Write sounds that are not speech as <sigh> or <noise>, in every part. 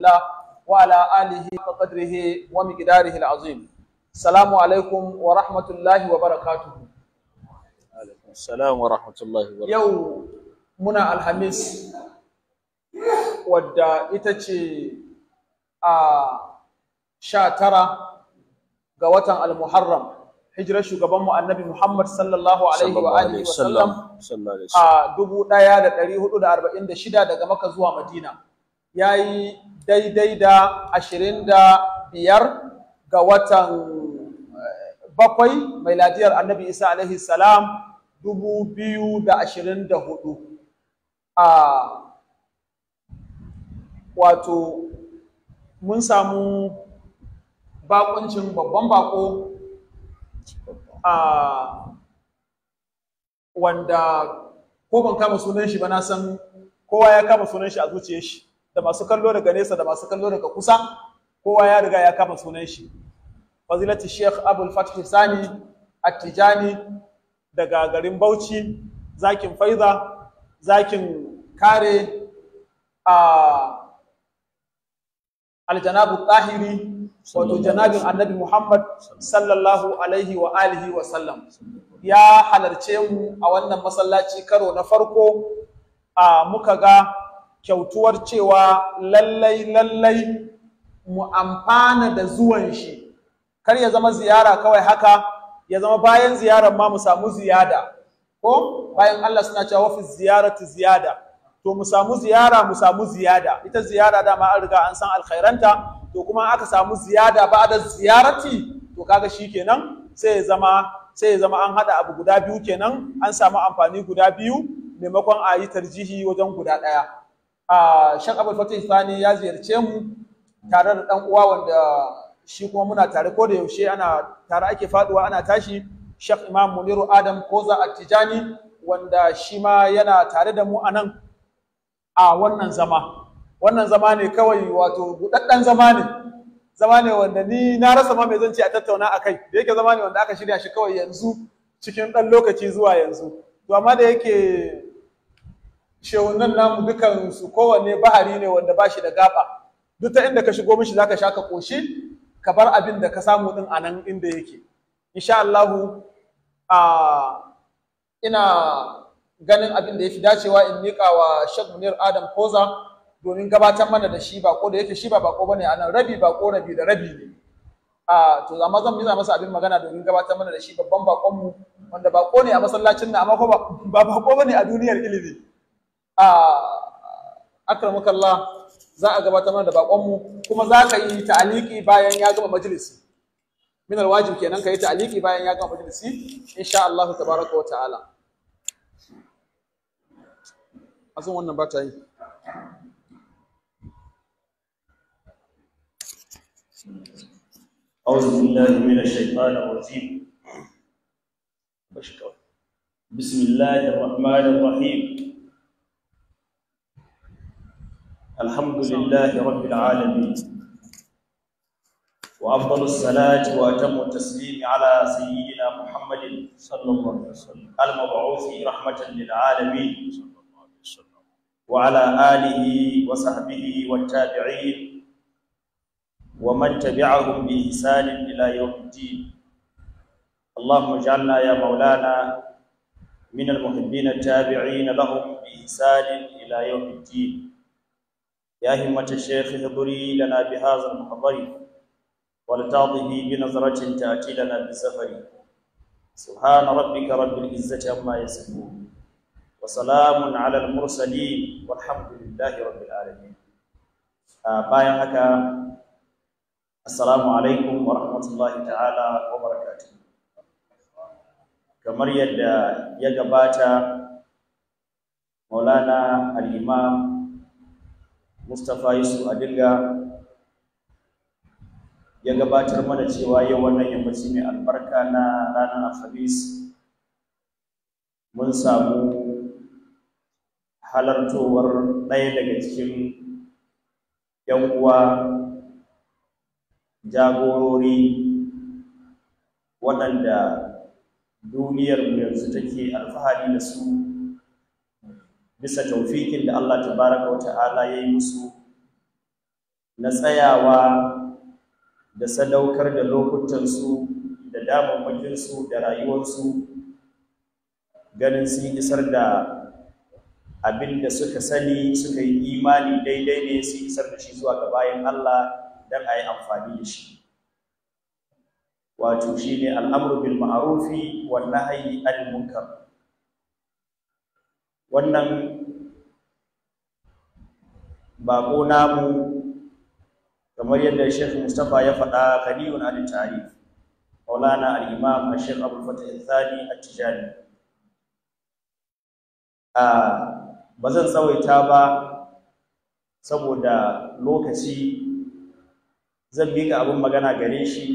الله وعلى آله وقدره ومقداره العظيم السلام عليكم ورحمة الله وبركاته عليكم السلام ورحمة الله وبركاته يو منا الخميس ودا إتشي شاترة قوة المحرم hijirar shugabanmu annabi Muhammad sallallahu alaihi wa alihi wa sallam a 1446 daga Makka zuwa Madina ya yi daidai da ashirin da biyar ga watan eh, bakwai mai ladiyar annabi isa alaihi salam dubu biyu da ashirin da hudu a wato mun samu bakuncin babban bako a wanda ko ban kama sunan shi ba na san kowa ya kama sunan shi a zuciyar shi da masu kallo daga nesa da masu kallo daga kusa kowa ya riga ya kama sunan shi fazilati sheikh abul fath sani attijani daga garin bauchi zakin faiza zakin kare a aljanabu tahiri wato janabin annabi muhammad sallallahu alaihi wa alihi wa sallam ya halarce mu a wannan masallaci karo na farko a muka ga kyautuwar cewa lallai lallai mu amfana da zuwan shi kar ya zama ziyara kawai haka ya zama bayan ziyarar ma mu samu ziyada ko bayan Allah suna cewa wafi ziyaratu ziyada to mu samu ziyara mu samu ziyada ita ziyara dama an riga an san alkhairanta to kuma aka samu ziyada ba da ziyarati to kaga shikenan sai ya zama sai ya zama an hada abu guda biyu kenan an samu amfani guda biyu maimakon ayi tarjihi wajen guda ɗaya a shan abul fatih sani ya ziyarce mu tare da dan uwa wanda shi kuma muna tare ko da yaushe ana tare ake faduwa ana tashi shek imam muniru adam koza attijani wanda shi ma yana tare da mu a nan a wannan zama wannan zama ne kawai wato buɗaɗɗen zama ne zama ne wanda ni na rasa ma mai zan ci a tattauna a kai da yake zama ne wanda aka shirya shi kawai yanzu cikin ɗan lokaci zuwa yanzu to amma da yake shehunan namu dukan su kowanne bahari ne wanda ba shi da gaba duk ta inda ka shigo mishi zaka sha ka koshi ka bar abin da ka samu din anan nan inda yake insha Allah a ina ganin abin da yafi dacewa in miƙa wa Sheikh Munir Adam Koza domin gabatar mana da shi ko da yake shi ba bako bane a nan rabi bako rabi da rabi ne a to amma zan miza masa abin magana domin gabatar mana da shi babban bakon mu wanda bako ne a masallacin nan amma ko ba bako bane a duniyar ilimi akramakallah za a gabatar mana da bakonmu kuma za ka yi ta'aliki bayan ya gama majalisi min alwajib kenan ka yi ta'aliki bayan ya gama majalisi insha Allah tabaraka wa ta'ala azun wannan ba ta yi أعوذ بالله من الشيطان الرجيم بسم الله الرحمن الرحيم الحمد لله رب العالمين وأفضل الصلاة وأتم التسليم على سيدنا محمد صلى الله عليه وسلم المبعوث رحمة للعالمين وعلى آله وصحبه والتابعين ومن تبعهم بإحسان إلى يوم الدين اللهم اجعلنا يا مولانا من المحبين التابعين لهم بإحسان إلى يوم الدين يا همة الشيخ اهبري لنا بهذا المحضر ولتعطه بنظرة تأتي لنا بالسفر سبحان ربك رب العزة عما يصفون وسلام على المرسلين والحمد لله رب العالمين bayan haka assalamu alaikum wa rahmatullahi ta'ala wa barakatuh kamar yadda ya gabata maulana al-imam Mustapha Yusuf Adilga ya gabatar mana cewa yau wannan yammaci mai albarka na ranar Alhamis mun samu halartowar ɗaya daga cikin ‘yan uwa jagorori waɗanda duniyar yanzu take alfahari da su bisa taufikin da Allah tabaraka wa ta'ala ya yi musu na tsayawa da sadaukar da lokutansu da damammakinsu da rayuwarsu ganin sun isar da abin da suka sani suka yi imani daidai ne sun isar da shi zuwa ga bayan Allah don a yi amfani da shi wato shi ne al'amru bil ma'arufi wannan hayi al-munkar wannan bako namu kamar yadda Sheikh Mustapha ya faɗa Khalilun Ali Tarif Maulana al-Imam Sheikh Abdul Fattah al-Thani at-Tijani a bazan tsawaita ba saboda lokaci zan ga abin magana gare shi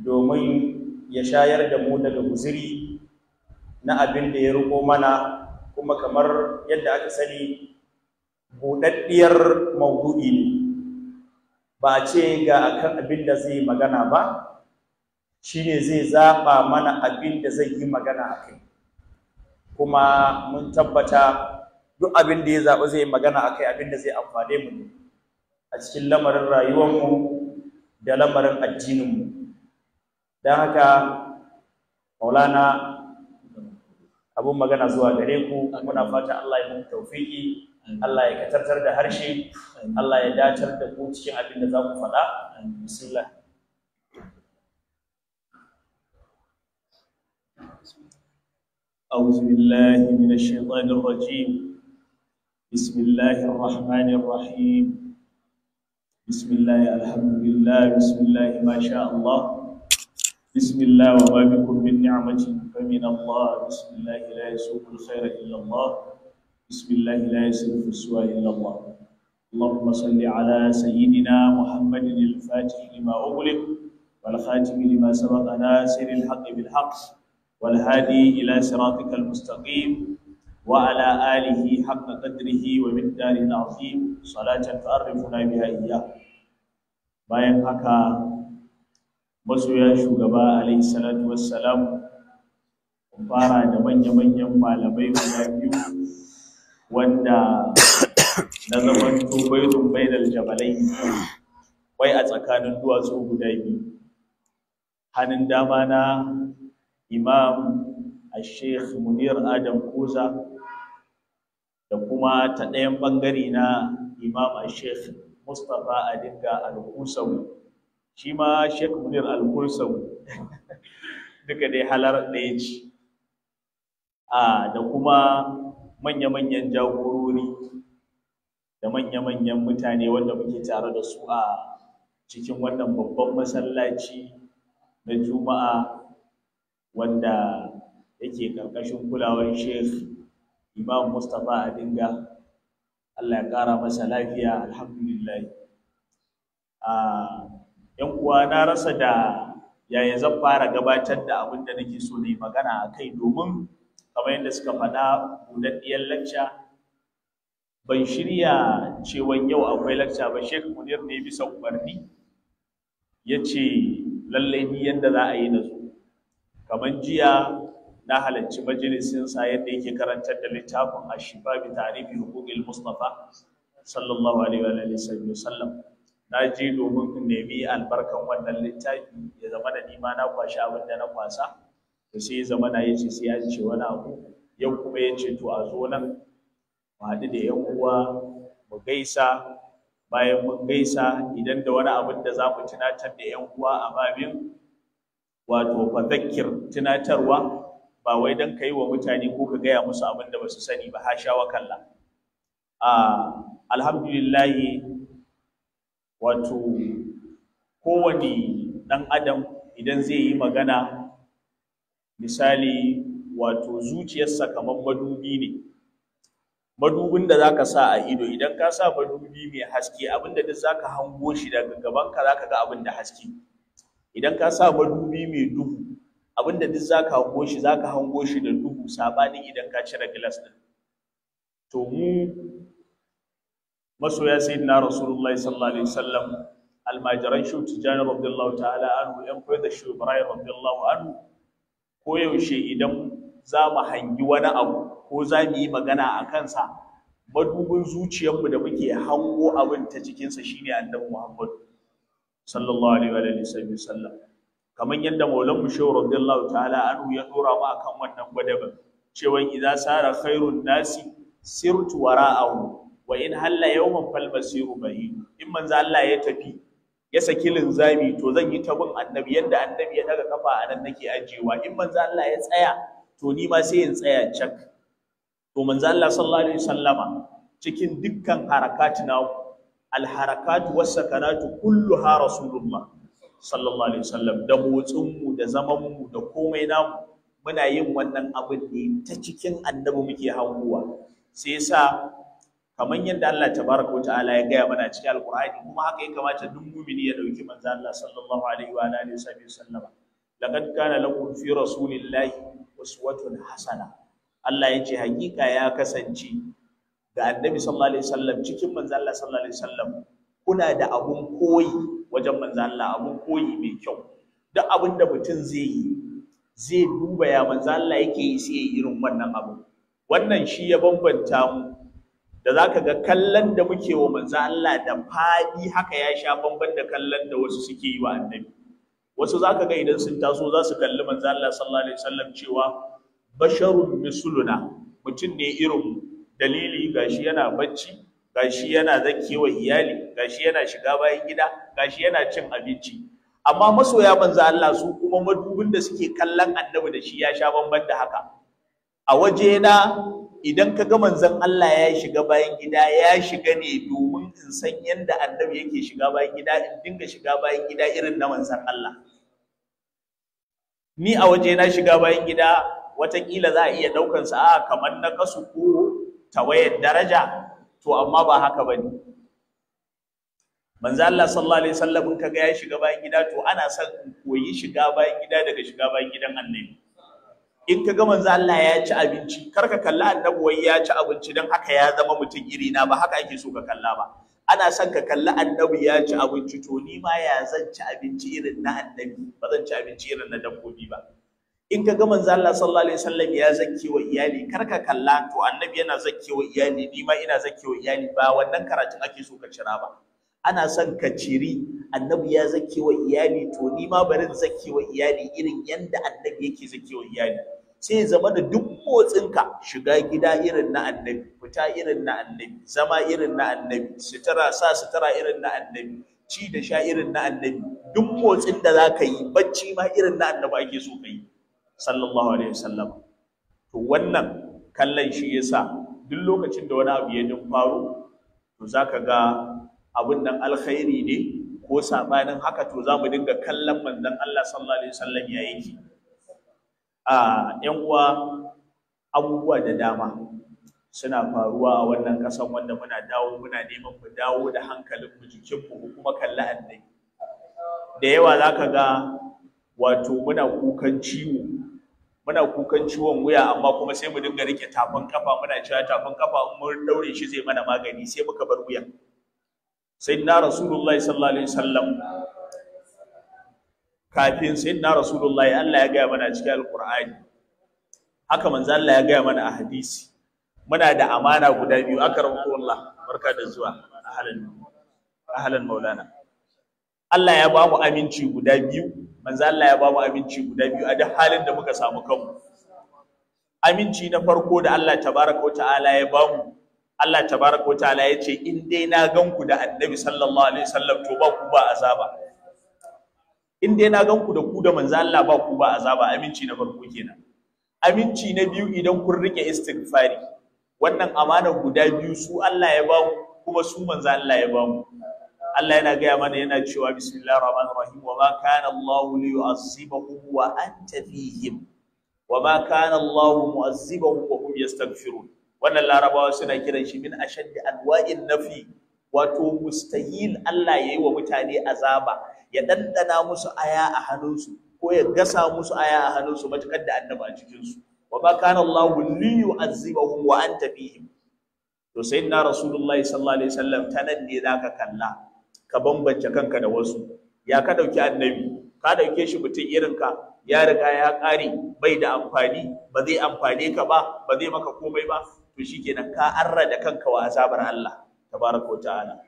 domin ya shayar da mu daga guzuri na abin da ya riko mana kuma kamar yadda aka sani buɗaɗɗiyar maudu'i ne ba a ce ga akan abin da zai magana ba shine zai zaɓa mana abin da zai yi magana a kai kuma mun tabbata duk abin da ya zaɓa zai magana a kai abin da zai amfane mu ne a cikin lamarin rayuwarmu da lamarin addininmu don haka maulana abun magana zuwa gare ku muna fata Allah ya muku tawfiki Allah ya katartar da harshe Allah ya dacar da ku cikin abin da za ku faɗa bismillah أعوذ بالله من الشيطان الرجيم بسم الله الرحمن الرحيم بسم الله الحمد لله بسم الله ما شاء الله بسم الله وما بكم من نعمة فمن الله بسم الله لا يسوق الخير إلا الله بسم الله لا يسوق السوء إلا الله اللهم صل على سيدنا محمد الفاتح لما أغلق والخاتم لما سبق ناصر الحق بالحق والهادي إلى صراطك المستقيم وعلى آله حق قدره ومقداره العظيم صلاة تعرفنا بها إياه باين حكا masoya shugaba alaihi salatu wassalam fara da manya-manyan malamai guda biyu wanda na zaman tubaitun da jabalai wai a tsakanin duwatsu guda biyu hannun dama na imam a sheikh munir adam koza da kuma ta ɗayan ɓangare na imam a sheikh mustapha adinga al kusawu shi ma Sheikh Munir Al-Kulsawi <laughs> duka dai halar ɗaya ce a da kuma manya-manyan jagorori da manya-manyan mutane wanda muke tare da su a cikin wannan babban masallaci na Juma'a wanda yake ƙarƙashin kulawar Sheikh Imam Mustapha Adinga Allah ya ƙara masa lafiya alhamdulillah. yan uwa na rasa da yaya zan fara gabatar da abin da nake so ne magana a kai domin kamar yadda suka faɗa buɗaɗɗiyar lacca ban shirya cewan yau akwai lacca ba shek munir ne bisa umarni ya ce lallai ni yadda za a yi na zo kamar jiya na halarci sa yadda yake karantar da littafin ashifa bi tarihi hukukil mustafa sallallahu alaihi wa sallam na je domin in nemi albarkan wannan littafi ya zama da nima na kwashi abin da na kwasa to sai ya zama na yace sai ya ce wani abu yau kuma ya ce to a zo nan mu haɗu da yan uwa mu gaisa bayan mun gaisa idan da wani abin da za mu tunatar da yan uwa a babin wato fadhakkir tunatarwa ba wai dan ka wa mutane ko ka gaya musu abin da ba su sani ba hasha wa kalla ah, alhamdulillahi wato kowane ɗan adam idan zai yi magana misali wato zuciyarsa kamar madubi ne madubin da zaka sa a ido idan ka sa madubi mai haske abinda duk zaka hango shi daga gabanka zaka ga abin da haske idan ka sa madubi mai duhu abinda duk zaka hango shi zaka hango shi da duhu sabanin idan ka cire glass din to mu masoya sai sayyidina rasulullahi sallallahu alaihi wasallam almajiran shu tijani radiyallahu ta'ala anhu yan koyar da shu ibrahim radiyallahu anhu yaushe idan za mu hangi wani abu ko za mu yi magana a kansa madubin zuciyarmu da muke hango abin ta cikinsa shine annabi muhammadu sallallahu alaihi wa sallam Kaman yadda maulan mu shehu radiyallahu ta'ala anhu ya dora mu akan wannan gwadaban cewa idza sara khairun nasi sirtu wara'ahu wa in halla yawman fal basiru bahi in manzo Allah ya tafi ya saki linzami to zan yi tabin annabi yadda annabi ya daga kafa a nan nake ajiyewa in manzo Allah ya tsaya to ni ma sai in tsaya cak to manzo Allah sallallahu alaihi wasallama cikin dukkan harakati na al harakatu was sakanatu kulluha rasulullah sallallahu alaihi wasallam da motsin mu da zaman mu da komai namu muna yin wannan abin ne ta cikin annabi muke hanguwa sai yasa kamar yadda Allah tabaraka wa ta'ala ya gaya mana cikin alqur'ani kuma haka ya kamata duk mumini ya dauki manzo Allah sallallahu alaihi wa alihi sallama laqad kana lakum fi rasulillahi uswatun hasana Allah ya ce hakika ya kasance ga annabi sallallahu alaihi wasallam cikin manzo Allah sallallahu alaihi wasallam kuna da abun koyi wajen manzo Allah abun koyi mai kyau duk abin da mutum zai yi zai duba ya manzo Allah yake yi sai irin wannan abu wannan shi ya bambanta mu da za ka ga kallon da muke wa manzo Allah da faɗi haka ya sha bamban da kallon da wasu suke yi wa annabi wasu za ka ga idan sun taso za su kalli manzo Allah sallallahu alaihi wasallam cewa basharun misluna mutum ne irin dalili gashi yana bacci gashi yana zakewa iyali gashi yana shiga bayan gida gashi yana cin abinci amma masoya manzo Allah su kuma madubin da suke kallon annabi da shi ya sha bamban da haka a waje na idan ka ga manzon Allah ya shiga bayan gida ya shiga ne domin in san yadda annabi yake shiga bayan gida in dinga shiga bayan gida irin na manzon Allah ni a waje na shiga bayan gida watakila za a iya ɗaukan sa a kamar na kasu ko tawayar daraja to amma ba haka bane manzo Allah sallallahu alaihi wasallam kaga ya shiga bayan gida to ana son koyi shiga bayan gida daga shiga bayan gidan annabi in ka ga manzo Allah ya ci abinci kar ka kalla annabi wai ya ci abinci dan haka ya zama mutum iri na ba haka ake so ka kalla ba ana son ka kalla annabi ya ci abinci to ni ma ya zan ci abinci irin na annabi ba zan ci abinci irin na dabbobi ba in ka ga manzo Allah sallallahu alaihi wasallam ya zakke wa iyali kar ka kalla to annabi yana zakke wa iyali ni ma ina zakke wa iyali ba wannan karatun ake so ka cira ba ana son ka ciri annabi ya zakke wa iyali to ni ma barin zakke wa iyali irin yanda annabi yake zakke wa iyali sai zama da duk motsinka shiga gida irin na annabi fita irin na annabi zama irin na annabi sutura sa sutura irin na annabi ci da sha irin na annabi duk motsin da za ka yi bacci ma irin na annabi ake so ka yi sallallahu alaihi wasallam to wannan kallon shi yasa duk lokacin da wani abu ya din faru to za ka ga abin nan alkhairi ne ko sabanin haka to za mu dinga kallon manzon Allah sallallahu alaihi wasallam ya yake A'a, yan uwa abubuwa da dama suna faruwa a wannan ƙasan wanda muna dawo muna neman mu dawo da hankalin mu jikin mu kuma kalli addini da yawa zaka ga wato muna kukan ciwo muna kukan ciwon wuya amma kuma sai mu dinga rike tafin kafa muna cewa tafin kafa in mun daure shi zai mana magani sai muka bar wuya sayyidina rasulullahi sallallahu alaihi wasallam kafin sai na rasulullahi Allah ya gaya mana a cikin alqur'ani haka manzo Allah ya gaya mana a hadisi muna da amana guda biyu akramakumullah barka da zuwa ahlan ahlan maulana Allah ya ba mu aminci guda biyu manzo Allah ya ba mu aminci guda biyu a duk halin da muka samu kanmu aminci na farko da Allah tabaraka wa ta'ala ya ba mu Allah tabaraka wa ta'ala ya ce in dai na gan ku da annabi sallallahu alaihi wasallam to ba ku ba azaba in dai na gan ku da ku da manzo Allah ba ku ba azaba aminci na farko kenan aminci na biyu idan kun rike istighfari wannan amana guda biyu su Allah ya ba mu kuma su manzo Allah ya ba mu Allah yana gaya mana yana cewa bismillahir rahmanir rahim wa ma kana Allah li yu'azzibahum wa anta fihim wa ma kana Allah mu'azzibahum wa hum yastaghfirun wannan larabawa suna kiran shi min ashaddi anwa'in nafi wato mustahil Allah ya yi wa mutane azaba ya ɗanɗana musu aya a hannunsu ko ya gasa musu aya a hannunsu matuƙar da annaba a cikinsu wa ma kana Allah liyu'azzibahum wa anta fihim to sayyidina rasulullahi sallallahu alaihi wasallam ta nan ne zaka kalla ka bambance kanka da wasu ya ka dauki annabi ka dauke shi mutum irin ka ya riga ya ƙare bai da amfani ba zai amfane ka ba ba zai maka komai ba to shikenan ka arra da kanka wa azabar Allah tabaraka Wata'ala.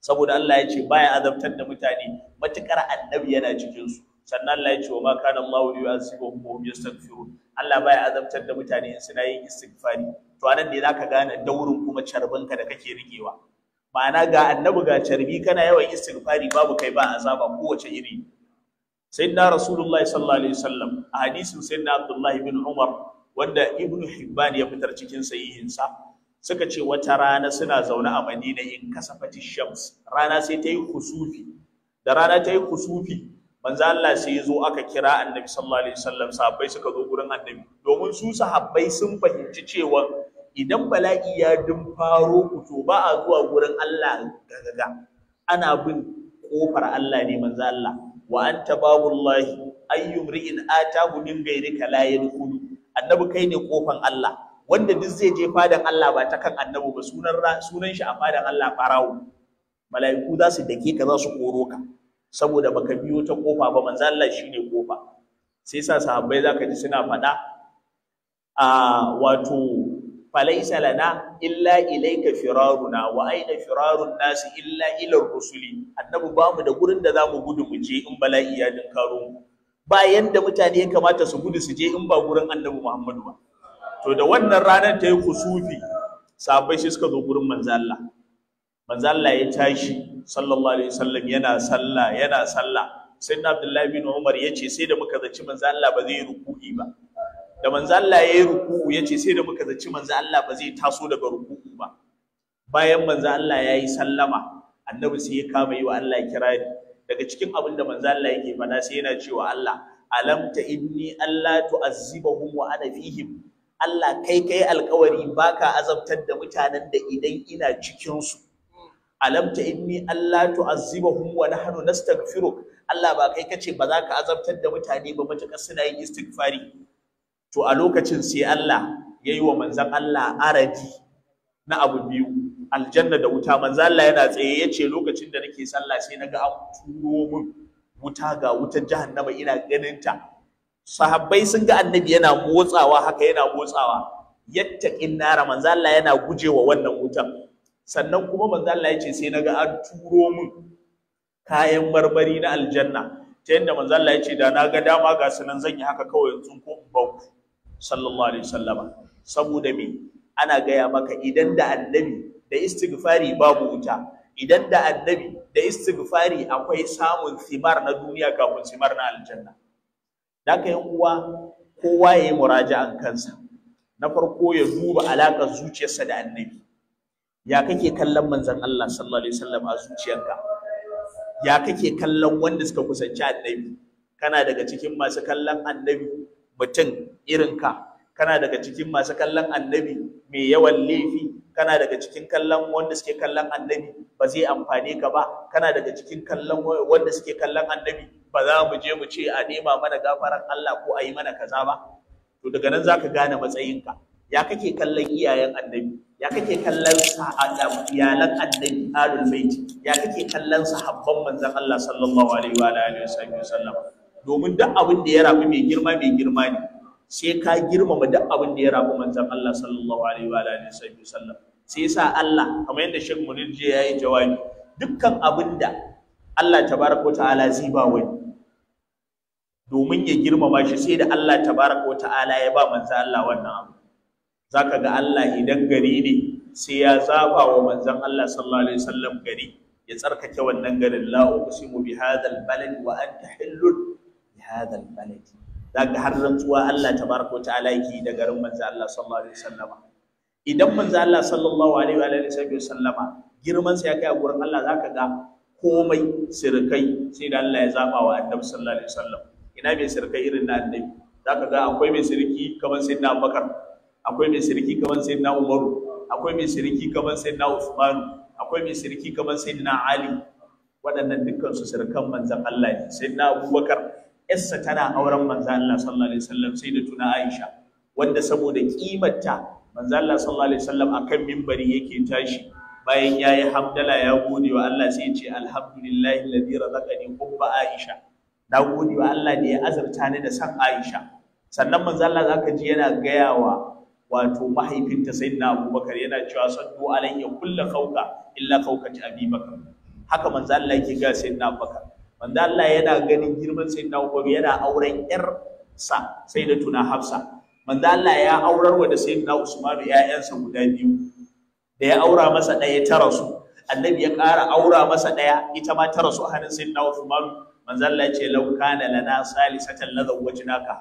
saboda Allah ya ce baya azabtar da mutane matukar annabi yana cikin su sannan Allah ya ce wa ma kana Allahu li yu'azibuhum wa hum yastaghfirun Allah baya azabtar da mutane in suna yin istighfari to anan ne zaka gane daurin kuma charbinka da kake rigewa ma'ana ga annabi ga carbi kana yawan istighfari babu kai ba azaba kowace iri sayyidina rasulullahi sallallahu alaihi wasallam a hadisin sayyidina abdullahi bin umar wanda ibnu hibban ya fitar cikin sahihinsa suka ce wata rana suna zaune a madina in kasafati shams rana sai ta yi kusufi da rana ta yi kusufi manzo Allah sai ya zo aka kira annabi sallallahu alaihi wasallam sahabbai suka zo gurin annabi domin su sahabbai sun fahimci cewa idan bala'i ya dumfaro ku to ba a zuwa gurin Allah gagaga ana bin kofar Allah ne manzo Allah wa anta babullahi ri'in ata gudin gairika la yadkhulu annabi kai ne kofan Allah wanda duk zai je fadan Allah ba ta kan annabi ba sunan sunan shi a fadan Allah farawo mala'iku za su dake ka za su koro ka saboda baka biyo ta kofa ba manzo Allah shine kofa sai sa sahabbai zaka ji suna faɗa a wato falaisa lana illa ilaika firaruna wa aina firarun nasu, illa ila rusuli annabi ba mu da gurin da zamu gudu mu je in bala'i ya dinkaro mu ba yanda mutane ya kamata su gudu su je in ba gurin annabi Muhammadu ba to da wannan ranar ta yi kusufi sabai shi suka zo gurin manzo Allah ya tashi sallallahu alaihi wasallam yana salla. yana salla sai na Abdullahi bin Umar ya ce sai da muka zaci manzo ba zai ruku'i ba da manzo ya yi ruku'u ya ce sai da muka zaci manzo Allah ba zai taso daga ruku'u ba bayan manzo Allah ya yi sallama annabi sai ya kama yi wa Allah kirari daga cikin abin da manzo Allah yake faɗa sai yana cewa Allah alamta inni Allah tu'azzibahum wa ana fihim Allah kai kai alkawari baka azabtar da mutanen da idan ina cikin su alamta inni Allah tu'azzibahum wa nahnu nastaghfiruk Allah ba kai kace ba za ka azabtar da mutane ba matakar suna yin istighfari to a lokacin sai Allah yayi wa manzon Allah araji na abu biyu aljanna da wuta manzon Allah yana tsaye yace lokacin da nake sallah sai naga an turo min wuta ga wutar jahannama ina ganin ta sahabbai sun ga annabi yana motsawa haka yana motsawa yattaqin nara manzo Allah yana gujewa wannan wutan sannan kuma manzo Allah ya ce sai naga an turo mun kayan marmari na aljanna ta yanda manzo Allah ya da na ga dama ga sunan zan yi haka kawai yanzu ko bau sallallahu alaihi wasallama saboda me ana gaya maka idan da annabi da istighfari babu wuta idan da annabi da istighfari akwai samun simar na duniya kafin simar na aljanna da aka yi uwa kowa ya yi muraja'an kansa na farko ya duba alaƙar zuciyarsa da annabi ya kake kallon manzon Allah sallallahu alaihi wasallam a zuciyarka ya kake kallon wanda suka kusanci annabi kana daga cikin masu kallon annabi mutum irinka kana daga cikin masu kallon annabi mai yawan laifi kana daga cikin kallon wanda suke kallon annabi ba zai amfane ka ba kana daga cikin kallon wanda suke kallon annabi ba za mu je mu ce a nema mana gafaran Allah ko a yi mana kaza ba to daga nan zaka gane matsayinka ya kake kallon iyayen annabi ya kake kallon iyalan annabi alul bait ya kake kallon sahabban manzon Allah sallallahu alaihi wa alihi wasallam domin duk abin da ya rabu mai girma mai girma ne sai ka girmama duk abin da ya rabu manzon Allah sallallahu alaihi wa alihi wasallam sai yasa Allah kamar yadda Sheikh Munir ya yi jawabi dukkan abin da Allah tabaraka ta'ala zai ba wani domin ya girmama shi sai da Allah tabaraka ta'ala ya ba manzo Allah wannan abu zaka ga Allah idan gari ne sai ya zaba wa manzon Allah sallallahu alaihi wasallam gari ya tsarkake wannan garin la uqsimu bi hadha balad wa anta hillun bi hadha balad zaka har rantsuwa Allah tabaraka ta'ala yake da garin manzo Allah sallallahu alaihi wasallama idan manzo Allah sallallahu alaihi wa alihi wasallama girman sa ya kai a gurin Allah zaka ga komai sirkai sai da Allah ya zaba wa annabi sallallahu alaihi wasallam ina mai sirkai irin na annabi zaka ga akwai mai sirki kamar sayyidina Abubakar akwai mai sirki kamar sayyidina Umar akwai mai sirki kamar sayyidina Uthman akwai mai sirki kamar sayyidina Ali waɗannan dukkan su sirkan manzon Allah ne sayyidina Abubakar Essa tana auren manzon Allah sallallahu alaihi wasallam sai da tuna Aisha wanda saboda kimarta manzon Allah sallallahu alaihi wasallam akan minbari yake tashi bayan ya yi hamdala ya gode wa Allah sai ya ce alhamdulillahi ladhi razaqani hubba Aisha na gode wa Allah da ya azurta ni da san Aisha sannan manzo Allah zaka ji yana gaya wa wato mahaifinta sayyidina Abubakar yana cewa sallu alayya kullu khawqa illa khawqati Abubakar haka manzo Allah yake ga sayyidina Abubakar manzo Allah yana ganin girman sayyidina Abubakar yana auren yar sa sayyidatuna Hafsa manzo Allah ya aurarwa da sayyidina Usman 'ya'yansa guda biyu da ya aura masa ɗaya ta rasu annabi ya ƙara aura masa ɗaya ita ma ta rasu a hannun sayyidina Uthman manzo Allah ya ce law kana lana salisatan la zawwajnaka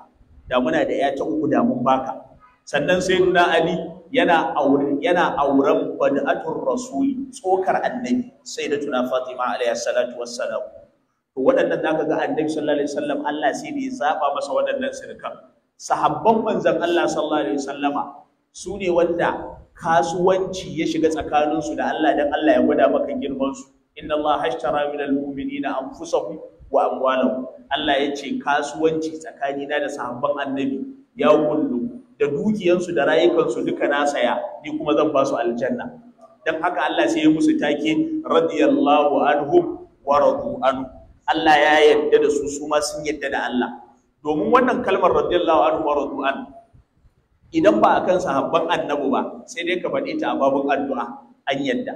da muna da ya ta uku da mun baka sannan na Ali yana yana auren bad'atul rasuli tsokar annabi sayyidatuna Fatima alayhi salatu wassalam to waɗannan da ga annabi sallallahu alaihi wasallam Allah sai da ya zaba masa waɗannan sirkan sahabban manzon Allah sallallahu alaihi wasallama su ne wanda kasuwanci ya shiga tsakaninsu da Allah dan Allah ya gwada maka girmansu inna Allah hashtara min na anfusahum wa amwalahum Allah ya ce kasuwanci na da sahabban annabi ya kullu da dukiyansu da rayukansu duka na saya ni kuma zan ba su aljanna dan haka Allah sai ya musu take radiyallahu anhum wa radu anhu Allah ya yarda da su su ma sun yarda da Allah domin wannan kalmar radiyallahu anhu wa radu anhu idan ba a akan sahabban annabi ba sai dai ka faɗi ta a babun addu'a an yadda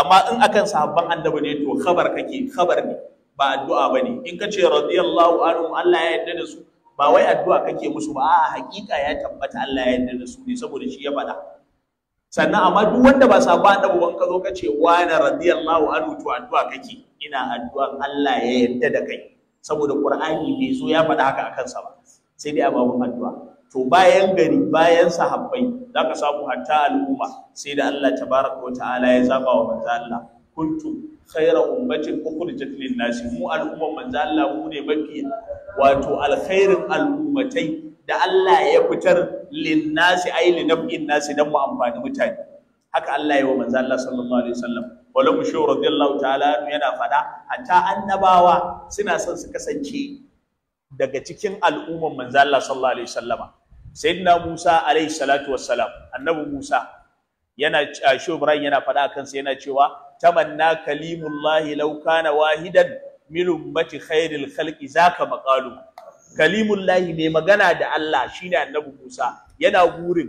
amma in a akan sahabban annabi ne to khabar kake khabar ne ba addu'a bane in ka ce radiyallahu anhu Allah ya yarda da su ba wai addu'a kake musu ba a hakika ya tabbata Allah ya yarda da su ne saboda shi ya faɗa sannan amma duk wanda ba sahabba annabi ba ka zo ka ce wani radiyallahu anhu to addu'a kake ina addu'an Allah ya yarda da kai saboda Qur'ani bai zo ya faɗa haka akan sa ba sai dai a babun addu'a to bayan gari bayan sahabbai za ka samu hatta al'umma sai da Allah tabaraka wa ta'ala ya zaba wa manzo Allah kuntu khayra ummatin ukhrijat lin nas mu al'umman manzo Allah mu ne mafi wato alkhairin al'ummatai da Allah ya fitar linnasi ai linab'in nasi dan mu amfani mutane haka Allah ya wa manzo Allah sallallahu alaihi wasallam wala mushu radiyallahu ta'ala yana fada hatta annabawa suna son su kasance daga cikin al'umman manzo Allah sallallahu alaihi wasallama sayyidina Musa alaihi salatu wassalam annabi Musa yana Shehu Ibrahim yana faɗa kansa yana cewa tamanna kalimullahi law kana wahidan min ummati khairil khalqi zaka maqalu kalimullahi mai magana da Allah shine annabi Musa yana gurin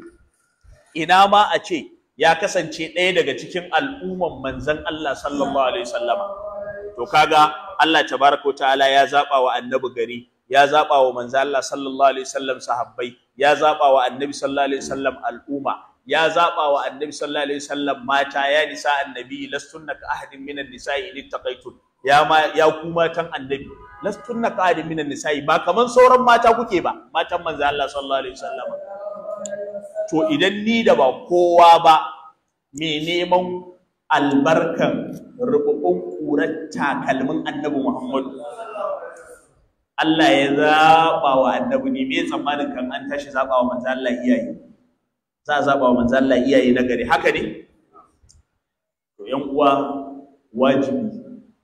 ina ma a ce ya kasance ɗaya daga cikin al'umman manzon Allah sallallahu alaihi wasallama to kaga Allah tabaraka wa ta'ala ya zaba wa annabi gari ya zaba wa manzon Allah sallallahu alaihi wasallam sahabbai ya zaba wa annabi sallallahu alaihi wasallam al'umma ya zaba wa annabi sallallahu alaihi wasallam mata ya nisa annabi lastunna ka ahadin minan nisa'i in taqaitun ya ma ya ku matan annabi lastunna ka ahadin minan nisa'i ba kaman sauran mata kuke ba matan manzo Allah sallallahu alaihi wasallam to idan ni da ba kowa ba me neman albarkan rububun kurar takalmin annabi Muhammadu Allah ya zaɓa wa annabi ne me tsammanin kan an tashi zaɓa wa manzo Allah iyaye za a zaɓa wa manzo Allah iyaye na gari haka ne to yan uwa wajibi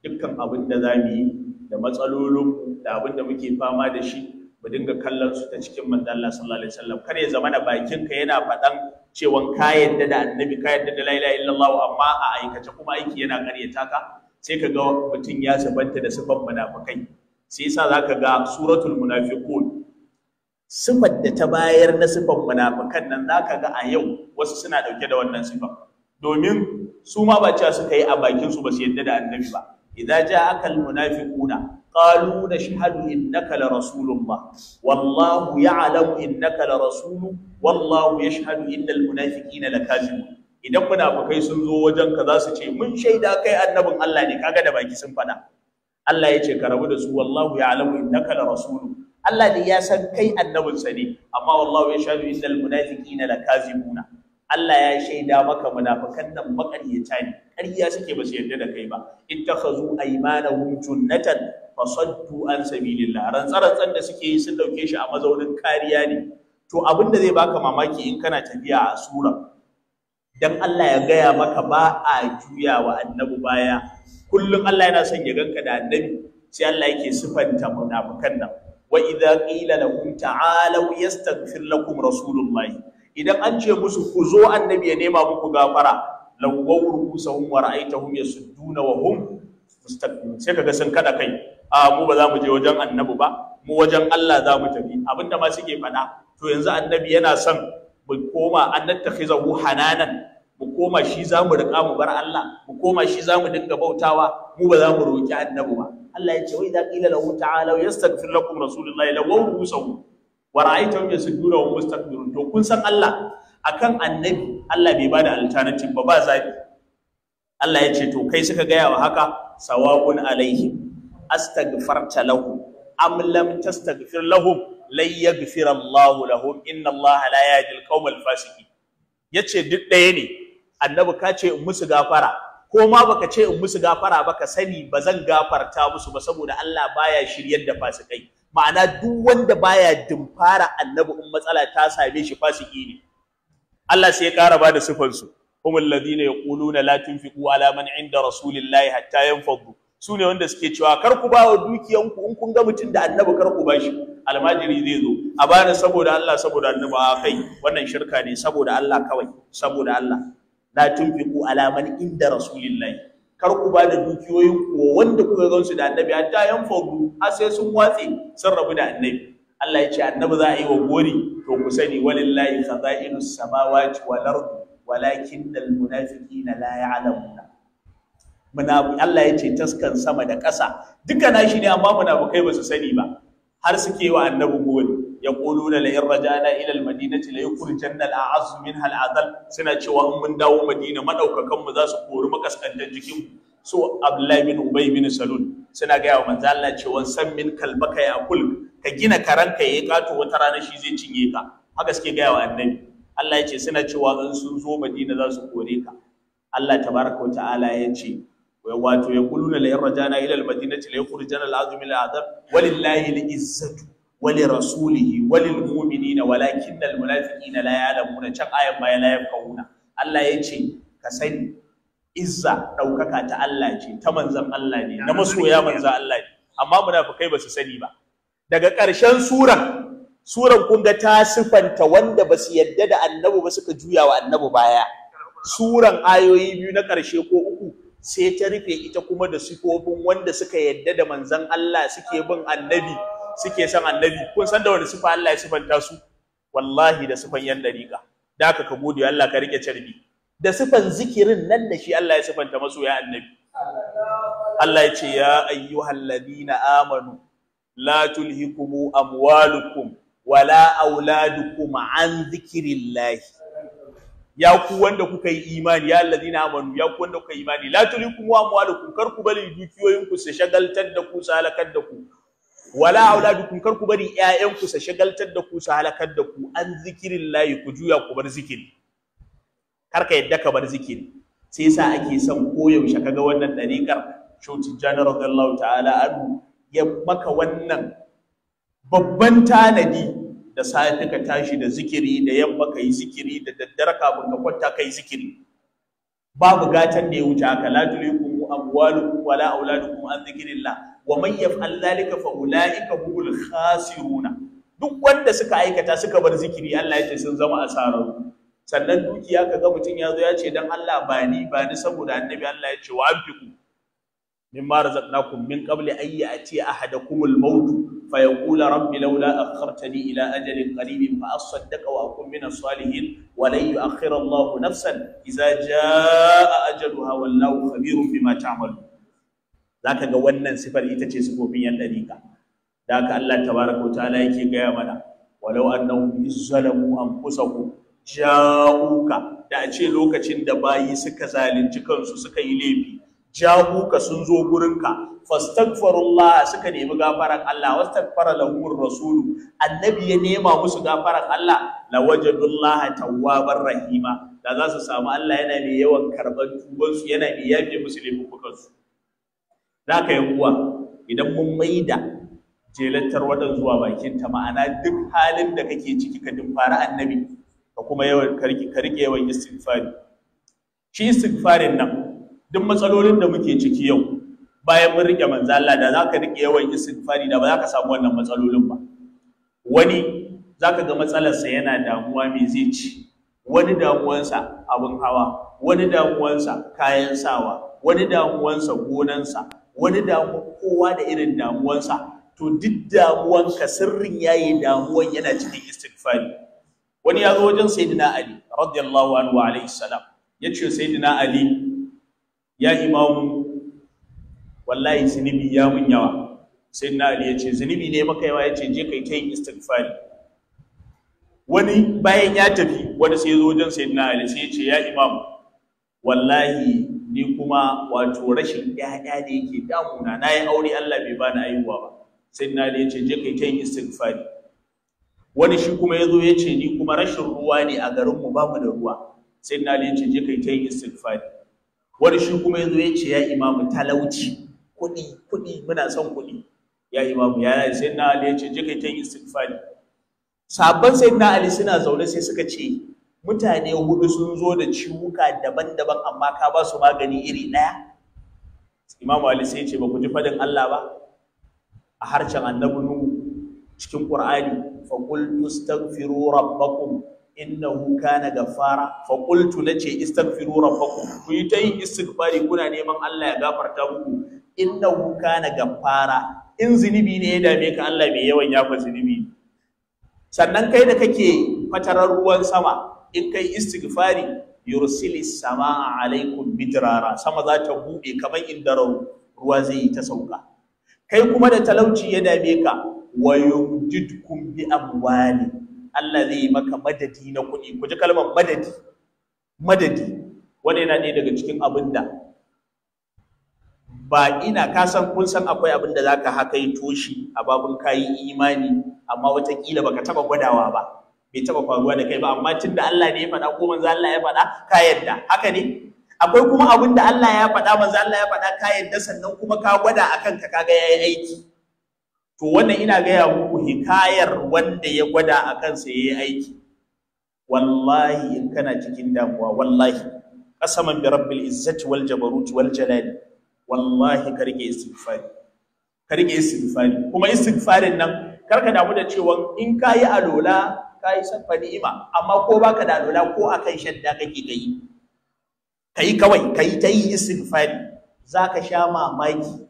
dukkan abin da za mu yi da matsalolin da abin da muke fama da shi mu dinga kallon su ta cikin manzo Allah sallallahu alaihi wasallam kar ya zama na bakin ka yana faɗan cewa ka yadda da annabi ka yadda da la ilaha illallah amma a aikace kuma aiki yana ƙaryata ka sai ka ga mutum ya sabanta da sifan munafikai sai yasa zaka ga suratul munafiqun sifar da ta bayar na sifar munafikan nan zaka ga a yau wasu suna dauke da wannan sifa domin su ma ba cewa suka yi a bakin su ba su yadda da annabi ba idza ja'aka al munafiquna قالوا نشهد إنك لرسول الله والله يعلم إنك لرسول والله يشهد إن المنافقين idan munafikai sun zo wajen ka za su ce mun shaida kai annabin Allah ne kaga da baki sun fada Allah ya ce ka rabu da su wallahu ya'lamu innaka la rasulu Allah ne ya san kai annabinsa ne amma wallahu ya shahadu innal munafiqina kazibuna Allah ya shaida maka munafikan nan makaryata ne ƙarya suke ba su yarda da kai ba ittakhazu aymanahum junnatan fasaddu an sabilillah rantsarantsan da suke yi sun dauke shi a mazaunin kariya ne to abinda zai baka mamaki in kana tafiya a sura dan Allah ya gaya maka ba a juya wa annabi baya kullum Allah yana son ya ganka da annabi sai Allah yake sifanta munafikan nan wa idza qila lahum ta'alu yastaghfir lakum rasulullahi idan an ce musu ku zo annabi ya nema muku gafara lawwaw ruhusahum wa ra'aytahum yasudduna wa hum mustaqbil sai kaga sun kada kai a mu ba za mu je wajen annabi ba mu wajen Allah za mu tafi abinda ma suke faɗa to yanzu annabi yana son mu koma an nattakhizahu hananan mu koma shi za mu riƙa mu bar Allah mu koma shi za mu dinga bautawa mu ba za mu roƙi annabi ba Allah ya ce wa idza qila lahu ta'ala yastaghfir lakum rasulullahi lawaw rusuhu wa ra'aytum yasduna wa mustakbirun to kun san Allah akan annabi Allah bai bada alternative ba ba zabi Allah ya ce to kai suka gaya wa haka sawabun alaihim astaghfarta lahum am lam tastaghfir lahum lan yaghfira Allahu lahum inna Allah la yahdi al fasiki. yace duk ɗaya ne annabi ka ce in musu gafara ko ma baka ce in musu gafara ba ka sani ba zan gafarta musu ba saboda Allah baya shiryar da fasikai ma'ana duk wanda baya dimfara annabi in matsala ta same shi fasiki ne Allah sai ya ƙara ba da sifansu humul ladina yaquluna la tunfiqu ala man inda rasulillahi hatta yanfaddu su ne wanda suke cewa kar ku bawa dukiyanku in kun ga mutum da annabi kar ku bashi almajiri zai zo a bani saboda Allah saboda annabi a kai wannan shirka ne saboda Allah kawai saboda Allah la tunfiqu ala man inda rasulillahi kar ku ba da dukiyoyin ku wanda kuka gansu da annabi hatta yan fagu har sai sun watse sun rabu da annabi Allah ya ce annabi za a yi wa gori to ku sani walillahi khaza'inus samawati wal ardi walakin munafiqina la ya'lamuna Allah ya ce taskan sama da ƙasa duka na shi ne amma munafukai ba su sani ba har suke wa annabi gowani ya ƙulu da la'in rajana ila almadinati la yukhrijanna al'azzu minha al'adal suna cewa in mun dawo madina madaukakan mu za su kori makaskantan jikin so abdullahi bin ubay bin salul suna ga yawa manzo Allah cewa san min kalbaka ya kul ka gina karanka yayi kato wata rana shi zai cinye ka haka suke ga yawa annabi Allah ya ce suna cewa in sun zo madina za su kore ka Allah tabaraka wa ta'ala ya ce wato ya kuluna la yarjana ila almadinati la yukhrijana alazmi layi walillahi alizzatu wali rasulihi walil mu'minina walakinna almunafiqina la ya'lamuna can ayan ma la yafqahuna Allah yace ka sani izza ɗaukaka ta Allah ce ta manzan Allah ne na masoya manzon Allah ne amma munafikai ba su sani ba daga ƙarshen suran suran kun ga ta sifanta wanda ba su yadda da annabi ba suka juya wa annabi baya suran ayoyi biyu na ƙarshe ko uku sai ta rufe ita kuma da sifofin wanda suka yadda da manzan Allah suke bin annabi suke san annabi kun san da wani sifa Allah ya sifanta su wallahi da sifan yan dariqa da haka ka gode Allah ka rike carbi da sifan zikirin nan da shi Allah ya sifanta ya annabi Allah ya ce ya na amanu la tulhikumu amwalukum wala auladukum an zikirillahi ya ku wanda kuka yi imani ya allazina amanu ya ku wanda kuka yi imani la tulikum wa amwalukum kar ku bari dukiyoyin ku su shagaltar da ku su halakar da ku wala auladukum kar ku bari ƴaƴan ku su shagaltar da ku su halakar da ku an zikirin layi ku juya ku bar zikiri kar ka yadda ka bar zikiri sai yasa ake son koyaushe kaga wannan ɗariƙar. Shotin Jana radiyallahu ta'ala anhu ya maka wannan babban tanadi da safe ka tashi da zikiri da yamma ka yi zikiri da daddare kafin ka kwanta ka yi zikiri babu gatan da ya wuce haka la tulikum amwalukum wala auladukum an zikrillah wa man yaf'al dhalika fa ulaika humul khasiruna duk wanda suka aikata suka bar zikiri Allah ya ce sun zama asarar sannan dukiya kaga mutum ya zo ya ce dan Allah ba ni ba ni saboda annabi Allah ya ce wa anfiqu mimma razaqnakum min qabli an ya'ti ahadakum al-maut fa yaqula rabbi laula kartani ila ajalin qaribin fa asaddaqa wa akun min as-salihin wa lan yu'akhkhira Allahu nafsan idza jaa ajaluha wallahu khabirun bima ta'malun zaka ga wannan sifar ita ce sifofin yan dariqa da haka Allah ta wa ta'ala yake gaya mana walau annahum izzalamu anfusahum ja'uka da a ce lokacin da bayi suka zalunci kansu suka yi laifi jahuka sun zo gurin gurinka Laha suka nemi gafaran Allah wastagfara lahumur rasulu annabi ya nema musu gafaran Allah lawajadullaha tawwabar rahima da za su samu Allah yana mai yawan karban tuban su yana mai yafe musu laifukan su zaka yi uwa idan mun maida jelantar wadan zuwa bakin ta ma'ana duk halin da kake ciki ka fara annabi ka kuma yawan karki ka rike yawan istighfari shi istighfarin nan duk matsalolin da muke ciki yau bayan mun rike manzo Allah da zaka rike yawan istighfari da ba za ka samu wannan matsalolin ba wani zaka ga matsalar sa yana damuwa mai zai ci wani damuwansa abin hawa wani damuwansa kayan sawa wani damuwansa gonansa wani damu kowa da irin damuwansa to duk damuwanka sirrin yayi damuwan yana cikin istighfari wani ya zo wajen sayyidina ali radiyallahu anhu alayhi salam yace sayyidina ali ya imamu wallahi zinibi ya mun yawa sai na ali ya ce zinibi ne maka yawa ya ce je kai kai istighfari wani bayan ya tafi wani sai zo wajen sai na ali sai ya ce ya imamu wallahi ni kuma wato rashin ƴaƴa ne yake damuna na yi aure Allah bai bani aihuwa ba sai na ali ya ce je kai kai istighfari wani shi kuma ya zo ya ce ni kuma rashin ruwa ne a garinmu mu da ruwa sai na ali ya ce je kai kai istighfari wani shi kuma yanzu ya ce ya imamu talauci kuɗi kuɗi muna son kuɗi ya imamu ya yi sai na ali ya ce jikai ta yi istighfari sabon sai na ali suna zaune sai suka ce mutane hudu sun zo da ciwuka daban-daban amma ka ba su magani iri ɗaya imamu ali sai ce ba ku ji fadin allah ba a harshen annabi nuhu cikin ƙur'ani, fa qul tastaghfiru rabbakum innahu kana gafara fa qultu nace istaghfiru rabbakum ku yi ta yin istighfari kuna neman Allah ya gafarta muku innahu kana gafara in zinubi ne ya dame ka Allah mai yawan ya fa zunubi sannan kai da kake fatarar ruwan sama in kai istighfari yursilis samaa alaikum bidrara sama za ta buɗe kamar inda ruwa zai yi ta sauka kai kuma da talauci ya dame ka wa kun bi amwalin Allah zai maka madadi na kuɗi ku ji kalmar madadi madadi wani yana ɗaya daga cikin abin da ba ina ka san kun san akwai abin da ka haka yi toshi a babun kayi imani amma watakila baka taba gwadawa ba bai taba faruwa da kai ba amma tun da Allah ne ya faɗa ko manzo Allah ya faɗa ka yadda haka ne akwai kuma abin da Allah ya faɗa manzo Allah ya faɗa ka yadda sannan kuma ka gwada akan ka kaga yayi aiki to wannan ina gaya muku hikayar wanda ya gwada a kansa ya yi aiki wallahi in kana cikin damuwa wallahi qasaman bi rabbil izzati wal jabarut wal jalal wallahi ka istighfari ka istighfari kuma istighfarin nan karka damu da cewa in kayi alola kayi sanfa ni'ima amma ko baka da alola ko akan shadda kake kai kai kawai kai ta yi istighfari zaka sha mamaki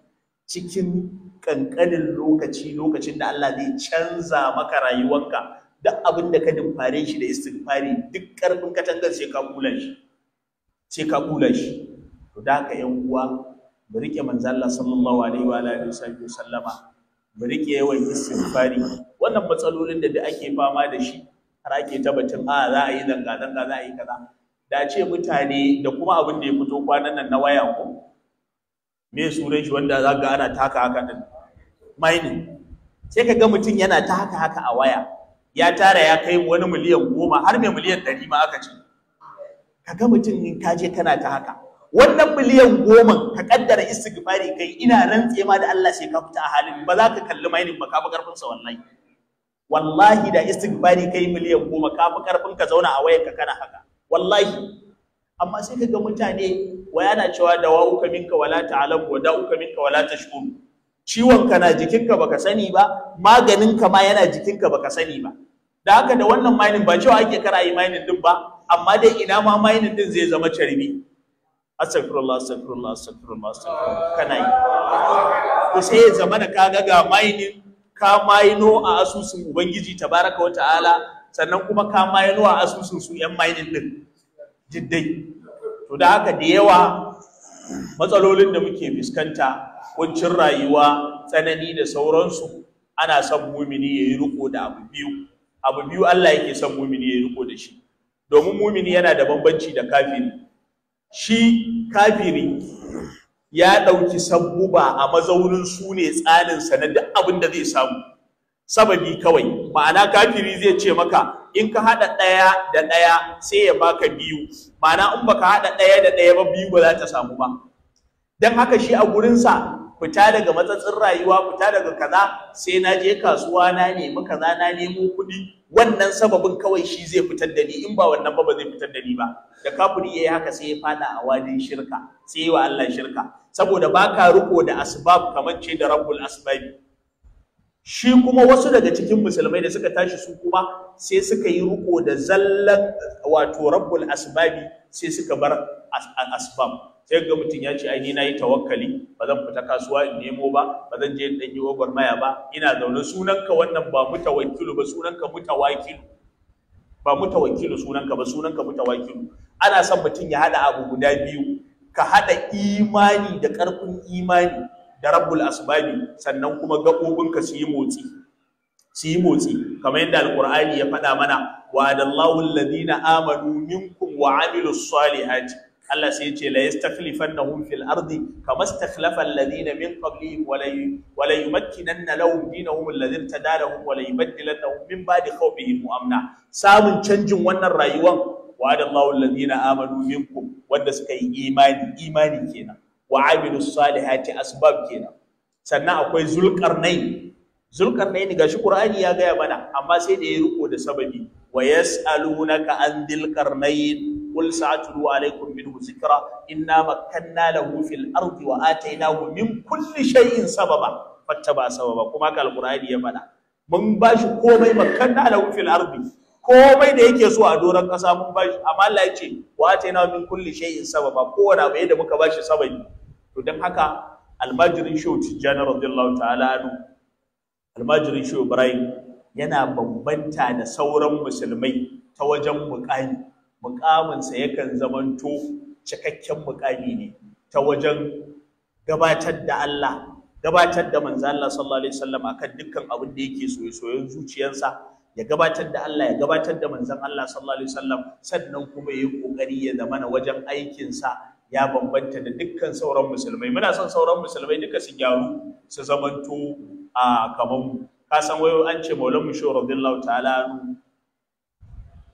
cikin ƙanƙanin lokaci lokacin da Allah zai canza maka rayuwanka duk abin da ka dimfare shi da istighfari duk ƙarfin katangar sai ka kula shi sai ka kula shi to da ka yan uwa mu rike manzo Allah sallallahu alaihi wa alihi wa sallama mu rike yawan istighfari wannan matsalolin da duk ake fama da shi har ake batun a ah, za a yi zanga zanga za a yi kaza da ce mutane da kuma abin da ya fito kwanan nan na waya ko me sunan shi wanda za ga ana taka haka din mining sai ka ga mutum yana ta haka haka a waya ya tara ya kai wani miliyan goma har mai miliyan ɗari ma aka ce ka ga mutum in ka je kana ta haka wannan miliyan goma ka kaddara istighfari kai ina rantse ma da Allah sai ka fita a halin ba za ka kalli mining ba ka fi karfin wallahi wallahi da istighfari kai miliyan goma ka fi karfin ka zauna a wayar ka kana haka wallahi amma sai kaga mutane wa yana cewa da wa'uka minka wala ta'lam wa da'uka minka wala tashkur ciwon ka na jikinka baka sani ba maganin ka ma yana jikinka baka sani ba da haka da wannan mining ba cewa ake kara yi mining din ba amma dai ina ma mining din zai zama carbi astagfirullah astagfirullah astagfirullah kana yi to sai ya zama da kaga ga mining ka maino a asusun ubangiji tabaraka wa ta'ala sannan kuma ka maino a asusun su yan mining din jiddai to da haka da yawa matsalolin da muke fuskanta kuncin rayuwa tsanani da sauransu ana son mumini ya yi riko da abu biyu abu biyu Allah yake son mumini ya yi riko da shi domin mumini yana da bambanci da kafiri shi kafiri ya ɗauki sabbuba a mazaunin su ne tsaninsa na duk abin da zai samu sababi kawai ma'ana kafiri zai ce maka in ka haɗa ɗaya da ɗaya sai ya baka biyu ma'ana in baka haɗa ɗaya da ɗaya ba biyu ba za ta samu ba don haka shi a gurinsa fita daga matsatsin rayuwa fita daga kaza sai na je kasuwa na nemi kaza na nemo kuɗi wannan sababin kawai shi zai fitar da ni in ba wannan ba ba zai fitar da ni ba da kafiri yayi haka sai ya fada a wajen shirka sai wa Allah shirka saboda baka riko da asbab kamar ce da rabbul asbab shi kuma wasu daga cikin musulmai da suka tashi su kuma sai suka yi ruko da zallan wato rabbul asbabi sai suka bar asbab sai ga mutum ya ce ai ni yi tawakkali ba zan fita kasuwa in nemo ba ba zan je in yi wabar maya ba ina zaune sunanka wannan ba mutawakkilu ba sunanka mutawakilu ba mutawakkilu sunanka ba sunanka mutawakilu ana son mutum ya haɗa abu guda biyu ka haɗa imani da karfin imani da rabbul asbabi sannan kuma gaɓoɓinka su yi motsi su yi motsi kamar yadda alkur'ani ya faɗa mana wa'adallahu alladhina amanu minkum wa amilus haji. Allah sai ya ce la yastakhlifannahum fil ardi kama stakhlafa alladhina min qablihim wa la yumakkinanna lahum dinahum alladhi irtadalahum wa la yubaddilannahum min ba'di khawfihim mu'amna. samun canjin wannan rayuwar. rayuwan wa'adallahu Ladina amanu minkum wanda suka yi imani imani kenan wa amilus salihati asbab kenan sannan akwai zulqarnain Zulkar na yini gashi qur'ani ya gaya mana amma sai da ya riko da sababi wa ka an dhil qarnayn qul sa'atlu alaykum minhu zikra inna makkanna lahu fil ardi wa atainahu min kulli shay'in sababa fattaba sababa kuma ka alqur'ani ya faɗa mun bashi komai makkanna lahu fil ardi komai da yake so a doron ƙasa mun bashi amma Allah ya ce wa ataina min kulli shay'in sababa kowane abu yadda muka bashi sababi to dan haka almajirin shoti jana radiyallahu ta'ala anhu almajirin shi ibrahim yana bambanta da sauran musulmai ta wajen muƙami muƙaminsa yakan zamanto cikakken muƙami ne ta wajen gabatar da Allah gabatar da manzo Allah sallallahu alaihi wasallam akan dukkan abin da yake soyoyin zuciyarsa ya gabatar da Allah ya gabatar da manzon Allah sallallahu alaihi wasallam sannan kuma yi kokari ya zamana wajen aikinsa ya bambanta da dukkan sauran musulmai muna son sauran musulmai duka su gyaru su zamanto a kaman ka san wayo an ce maulan mu shehu radiyallahu ta'ala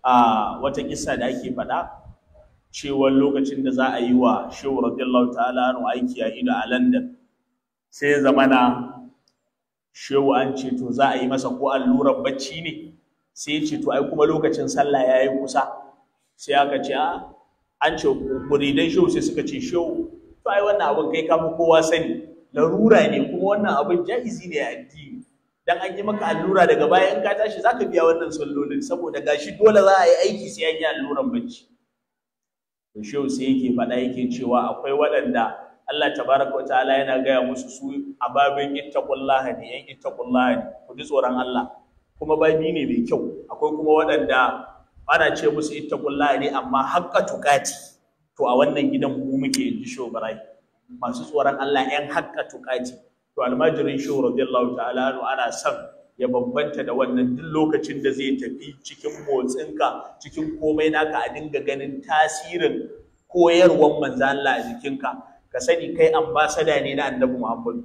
a wata kisa da ake faɗa cewa lokacin da za a yi wa shehu radiyallahu ta'ala aiki a ido a London sai zama na. shehu an ce to za a yi masa ko allurar bacci ne sai ya ce to ai kuma lokacin sallah ya yi kusa sai aka ce a an ce muridan shehu sai suka ce shehu to ai wannan abin kai kama kowa sani larura ne kuma wannan abin jaizi ne a addini dan an yi maka allura daga baya in ka tashi zaka biya wannan sallolin saboda gashi dole za a yi aiki sai an yi alluran bacci to shi sai yake faɗa yake cewa akwai waɗanda Allah tabaraka wa ta'ala yana gaya musu su a babin ne yan ittaqullah ne ku ji tsoron Allah kuma babi ne mai kyau akwai kuma waɗanda ana ce musu ittaqullah ne amma haqqatu tukati, to a wannan gidan mu muke in ji masu tsoron Allah ‘yan haƙƙa tuƙaci. To almajirin shehu radiyallahu ta'ala anu ana son ya bambanta da wannan duk lokacin da zai tafi cikin ka, cikin komai naka a dinga ganin tasirin koyarwar manzan Allah a jikin ka sani kai ambasada ne na annabi Muhammad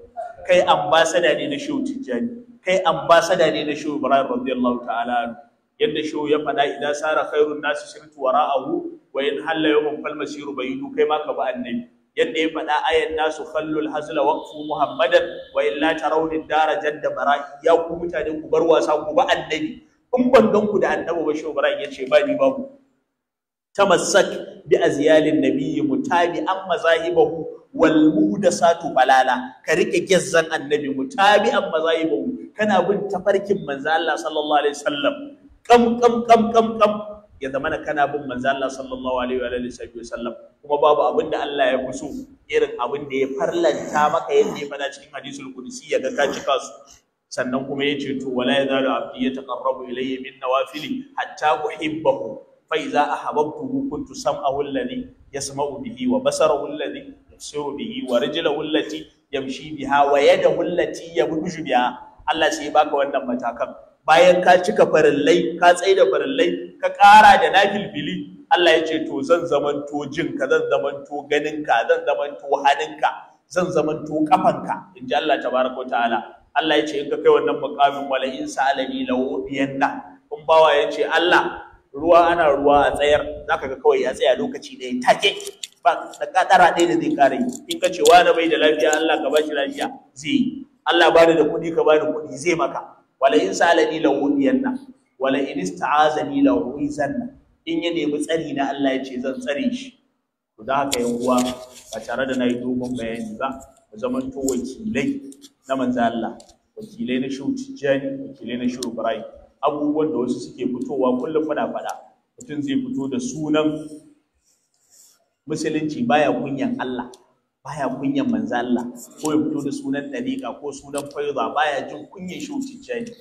kai ambasada ne na shehu Tijjani kai ambasada ne na shehu Ibrahim radiyallahu ta'ala yadda shehu ya faɗa idan sara khairun nasu shirtu wara'ahu wa in halla yawmun fal masiru kai ma ka ba annabi yadda ya faɗa ayan nasu khallul hazla waqfu muhammadan wa illa tarawni dara jadda bara'i ya ku mutane ku bar wasa ku ba annabi in ban ku da annabi ba shehu bara'i yace ba ni babu tamassak bi azyalin nabiyyi mutabi an mazahibahu wal muhdasatu balala ka rike gezzan annabi mutabi an mazahibahu kana bin tafarkin manzo Allah sallallahu alaihi wasallam kam kam kam kam kam ya zamana kana bin manzo Allah sallallahu alaihi wa alihi wasallam kuma babu abin da Allah ya kuso irin abin da ya farlanta maka yadda ya fada cikin hadisul qudsi ya ga ka cika su sannan kuma yace to wala yazalu abdi yataqarrabu ilayya min nawafili hatta uhibbahu fa idza ahabbtuhu kuntu sam'ahu alladhi yasma'u bihi wa basarahu alladhi yabsiru bihi wa rijluhu allati yamshi biha wa yadahu allati yabdushu biha Allah sai ya baka wannan matakan bayan ka cika farillai ka tsaye da farillai ka ƙara da nafilfili Allah ya ce to zan zamanto ka, zan zamanto ka, zan zamanto ka, zan zamanto kafanka in ji Allah tabaraka ta'ala Allah ya ce in ka kai wannan muƙamin wala in sa'alani lawubiyanna in bawa ya ce Allah ruwa ana ruwa a tsayar zaka ga kawai ya tsaya lokaci ɗaya take ba da kadara ɗaya da zai ƙara in ka ce wani bai da lafiya Allah ka shi lafiya zai Allah bani da kuɗi ka bani kuɗi zai maka wala in salani la wudiyanna wala in ista'azani la uizanna in ya nemi tsari na Allah ya ce zan tsare shi to da haka yan uwa ba tare da nayi dogon bayani ba mu zaman to wakilai na manzo Allah wakilai na shu tijani wakilai na shu burai abubuwan da wasu suke fitowa kullum muna faɗa mutum zai fito da sunan musulunci baya kunyan Allah baya kunyan manzo Allah ko ya fito da sunan dalika ko sunan faiza baya jin kunyan shutin jani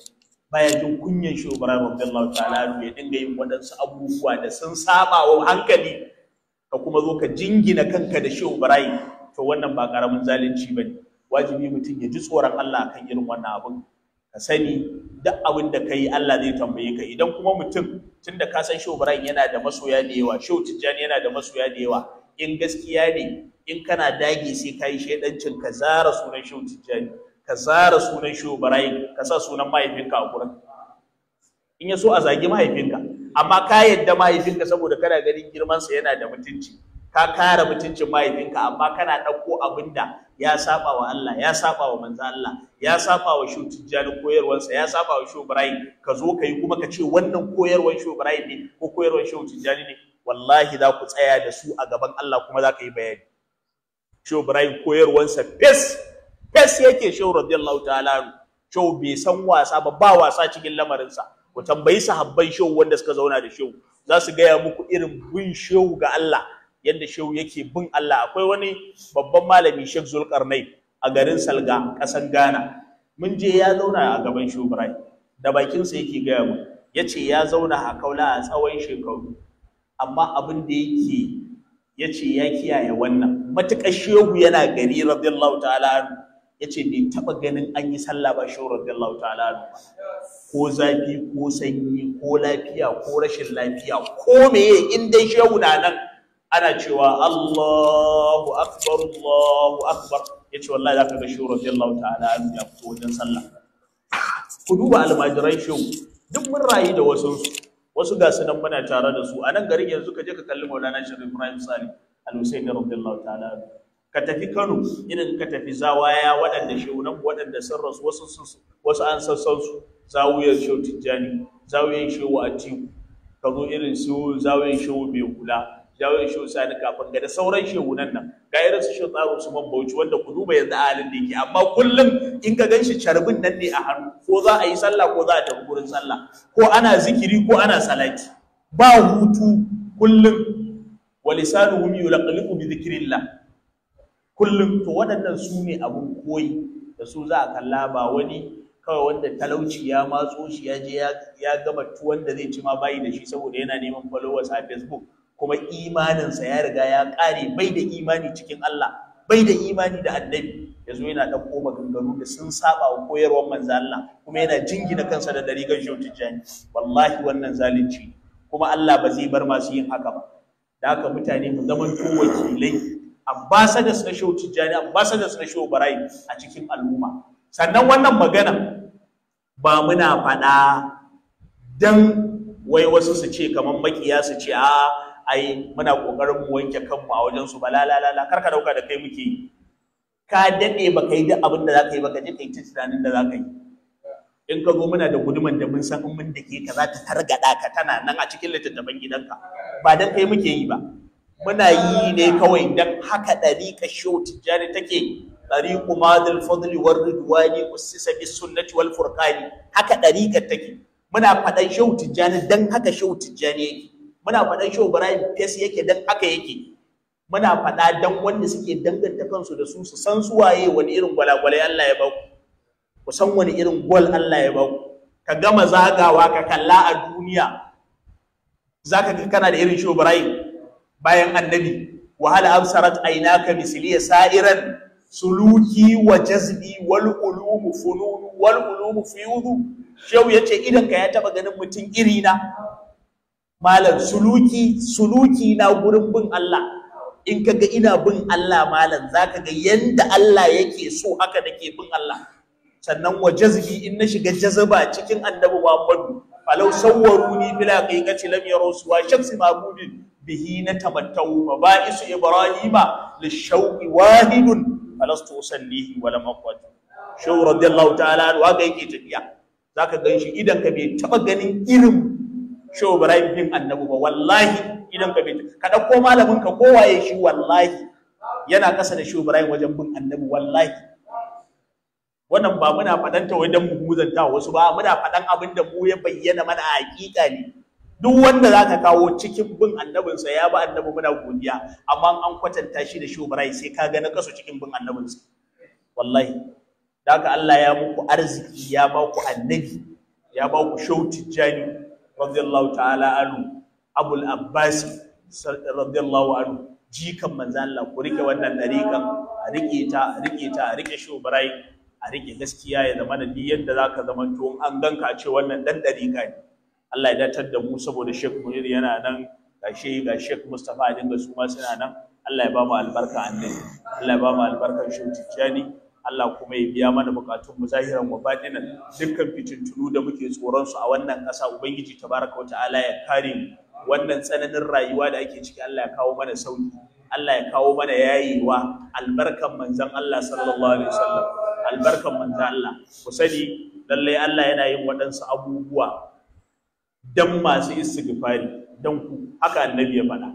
baya jin kunyan shubara radiyallahu ta'ala ya dinga yin wadansu abubuwa da sun saba wa hankali ka kuma zo ka jingina kanka da shi Ibrahim to wannan ba karamin zalunci bane wajibi mutum ya ji tsoron Allah kan irin wannan abun. ka sani duk abin da ka yi Allah zai tambaye ka idan kuma mutum tunda da ka san shi Ibrahim yana da masoya da yawa shehu Tijjani yana da masoya da yawa in gaskiya ne in kana dage sai ka yi shaidancin ka zara sunan shehu tijjani ka zara sunan shehu barayi ka sa sunan mahaifinka a gurin in ya so a zagi mahaifinka amma ka yadda mahaifinka saboda kana ganin girmansa yana da mutunci ka kare mutuncin mahaifinka amma kana ɗauko abin da ya saba wa Allah ya saba wa manzo Allah ya saba wa shehu tijjani koyarwarsa ya saba wa shehu barayi ka zo ka yi kuma ka ce wannan koyarwar shehu barayi ne ko koyarwar shehu tijjani ne wallahi za ku tsaya da su a gaban Allah kuma za ka yi bayani shi Ibrahim koyarwansa fes fes yake shi radiyallahu ta'ala shi bai san wasa ba ba wasa cikin lamarinsa ku tambayi sahabban shi wanda suka zauna da shi za su gaya muku irin bin shi ga Allah yadda shi yake bin Allah akwai wani babban malami Sheikh Zulkarnain a garin Salga kasan Ghana mun je ya zauna a gaban Ibrahim da bakinsa yake gaya mu ya ce ya zauna a kaula a tsawon shekaru amma abin da yake ya ce ya kiyaye wannan matuƙar shehu yana gari radiyallahu ta'ala anhu ya ce bai taɓa ganin an yi sallah ba shehu radiyallahu ta'ala anhu ko zafi ko sanyi ko lafiya ko rashin lafiya ko meye in dai shehu na nan ana cewa Allahu akbar Allahu akbar ya ce wallahi za ka ga shehu radiyallahu ta'ala anhu ya fito wajen sallah ku duba almajiran shehu duk mun rayu da wasu wasu ga sunan muna tare da su a nan garin yanzu ka je ka kalli maulana shirin ibrahim sali al-husaini radiyallahu ta'ala ka tafi kano irin ka tafi zawaya waɗanda shehunan waɗanda sun rasu wasu wasu an sassan su zawiyar shehu tijjani zawiyar shehu atiku ka zo irin su zawiyar shehu mai hula zawiyar shehu sani kafin ga da sauran shehunan nan ga su shotsaru su bauchi wanda ku duba yanzu a halin da yake amma kullum in ka ganshi carbin nan ne a hannu ko za a yi sallah ko za a tafi gurin sallah ko ana zikiri ko ana salati ba hutu kullum wa lisanuhum yulaqaliqu bi dhikrillah kullum to waɗannan su ne abun koyi da su za a kalla ba wani kawai wanda talauci ya matso shi ya je ya gama tuwon da zai ci ma bayi da shi saboda yana neman followers a Facebook kuma imaninsa ya riga ya kare, bai da imani cikin Allah bai da imani da annabi ya zo yana ɗauko maganganu da sun saba wa koyarwar manzo Allah kuma yana jingina kansa da dari shautijani wallahi wannan zalunci kuma Allah ba zai bar masu yin haka ba da haka mutane mu zaman to wakilai ambassadors na shautijani ambassadors na shobarai a cikin al'umma sannan wannan magana ba muna faɗa dan wai wasu su ce kamar makiya su ce a ai muna kokarin mu wanke kanmu a wajen su ba la la la karka dauka da kai muke ka dade ba kai duk abin da zaka yi ba ka je kai ta tunanin da zaka yi in ka zo muna da guduman da mun san in mun dake ka za ta targada ka tana nan a cikin littattafan gidanka ba dan kai muke yi ba muna yi ne kawai dan haka dariqa show jani take dariqu madal fadli war ridwani ussisa bis sunnati wal furqani haka dariqa take muna fadan show jani dan haka show jani yake muna faɗan shi ibrahim fes yake dan aka yake muna faɗa dan wanda suke danganta kansu da su su san su waye wani irin gwalagwalai Allah ya baku ku san wani irin gwal Allah ya baku ka gama zagawa ka kalla a duniya zaka ga kana da irin shi ibrahim bayan annabi wahala absarat aynaka misliya sa'iran suluki wa jazbi wal ulumu fununu wal ulumu fiyudu shau yace idan ka ya taba ganin mutum irina malam suluki suluki na gurin bin Allah in ka ga ina bin Allah malam za ka ga yanda Allah yake so haka nake bin Allah sannan wa jazbi in na shiga jazaba cikin annabi Muhammadu falau sawwaruni bila qiqati lam yarusu mabudin bihi na tamattau maba'isu ibrahima lishauqi wahidun falastu usallihi wa lam aqwad shau radiyallahu ta'ala wa ga yake tafiya zaka ganshi idan ka bai taba ganin irin shehu bin annabi ba wallahi idan ka bi ka dauko malamin ka kowaye shi wallahi yana kasa da shehu ibrahim wajen bin annabi wallahi wannan ba muna fadan ta wajen mu muzanta wasu ba muna fadan abin da mu ya bayyana mana a hakika ne duk wanda zaka kawo cikin bin annabinsa ya ba annabi muna godiya amma an kwatanta shi da shehu sai ka ga na kaso cikin bin annabinsa wallahi da haka Allah ya muku arziki ya ba ku annabi ya ba ku shautin jani radiyallahu ta'ala anhu abul abbasi radiyallahu anhu jikan manzo Allah ku rike wannan dariƙan a rike ta a rike ta a rike a rike gaskiya ya zama da ni yadda zaka zama to an ganka a ce wannan dan dariƙa ne Allah ya datar da mu saboda Sheikh Munir yana nan gashe ga Sheikh Mustafa dinga su ma suna nan Allah ya ba mu albarka annabi Allah ya ba mu albarkan Sheikh Tijani Allah kuma ya biya mana bukatun mu zahiran wa batinan dukkan fitintunu da muke tsoron su a wannan ƙasa ubangiji tabaraka wa ta'ala ya kare mu wannan tsananin rayuwa da ake ciki Allah ya kawo mana sauki Allah ya kawo mana yayewa albarkan manzon Allah sallallahu alaihi wasallam albarkan manzon Allah ku sani lallai Allah yana yin waɗansu abubuwa dan masu istighfari dan ku haka annabi ya faɗa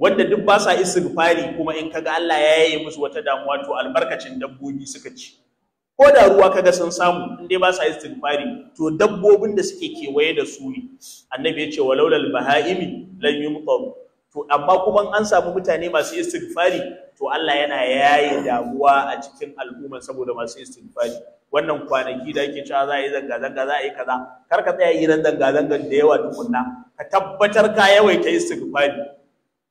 wanda duk ba sa istighfari kuma in kaga Allah ya yaye musu wata damuwa to albarkacin dabbobi suka ci ko da ruwa kaga sun samu in dai ba sa istighfari to dabbobin da suke kewaye da su ne annabi ya ce walaulal bahaimi lan yumtaru to amma kuma an samu mutane masu istighfari to Allah yana yaye damuwa a cikin al'umma saboda masu istighfari wannan kwanaki da ake cewa za a yi zanga-zanga za a yi kaza kar ka tsaya yi ran zanga-zangan da yawa tukunna ka tabbatar ka yawaita istighfari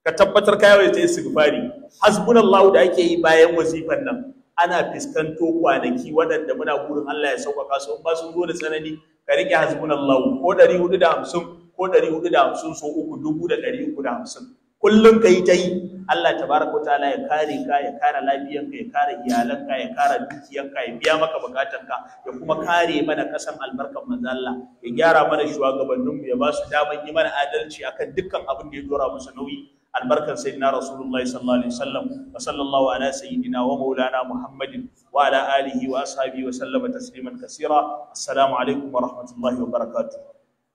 ka tabbatar ka yawaita istighfari hasbunallahu da ake yi bayan wasifan nan ana fiskanto kwanaki waɗanda muna gurin Allah ya sauƙaƙa su ba sun zo da tsanani ka riƙe hasbunallahu ko ɗari hudu da hamsin ko ɗari da hamsin so uku dubu da ɗari da hamsin kullum ka yi ta yi Allah tabaraka wa ya kare ka ya kare lafiyanka ya kare iyalanka ya kare dukiyanka ya biya maka bukatanka ya kuma kare mana kasan albarkar manzo Allah ya gyara mana shugabanninmu ya ba su daman yi mana adalci akan dukkan abin da ya dora musu nauyi albarkan sayyidina rasulullahi sallallahu alaihi wasallam wa sallallahu ala sayyidina wa maulana muhammadin wa ala alihi wa ashabihi wa sallama tasliman kaseera assalamu alaikum wa rahmatullahi wa barakatuh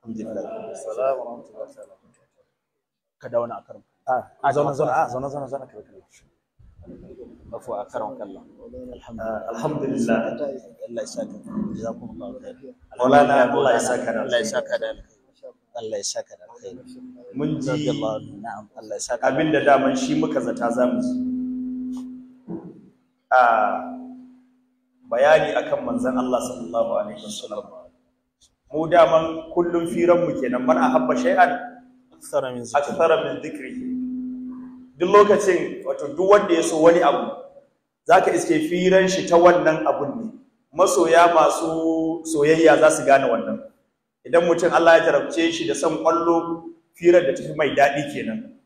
alhamdulillah assalamu alaikum wa rahmatullahi a ah, zauna zauna a ah, zauna zauna zauna afu a kallon ah, alhamdulillah Allah ya saka Allah ya saka da Allah ya saka da Allah ya saka da kai mun ji na'am Allah ya saka abinda daman shi muka zata zamu ji a bayani akan manzon Allah sallallahu alaihi wasallam mu daman kullum firan mu kenan man habba shay'an akthara min zikri akthara min zikri duk lokacin wato duk wanda ya so wani abu zaka iske firan shi ta wannan abun ne masoya masu soyayya za su gane wannan idan mutum Allah ya jarabce shi da san kwallo firar da tafi mai daɗi kenan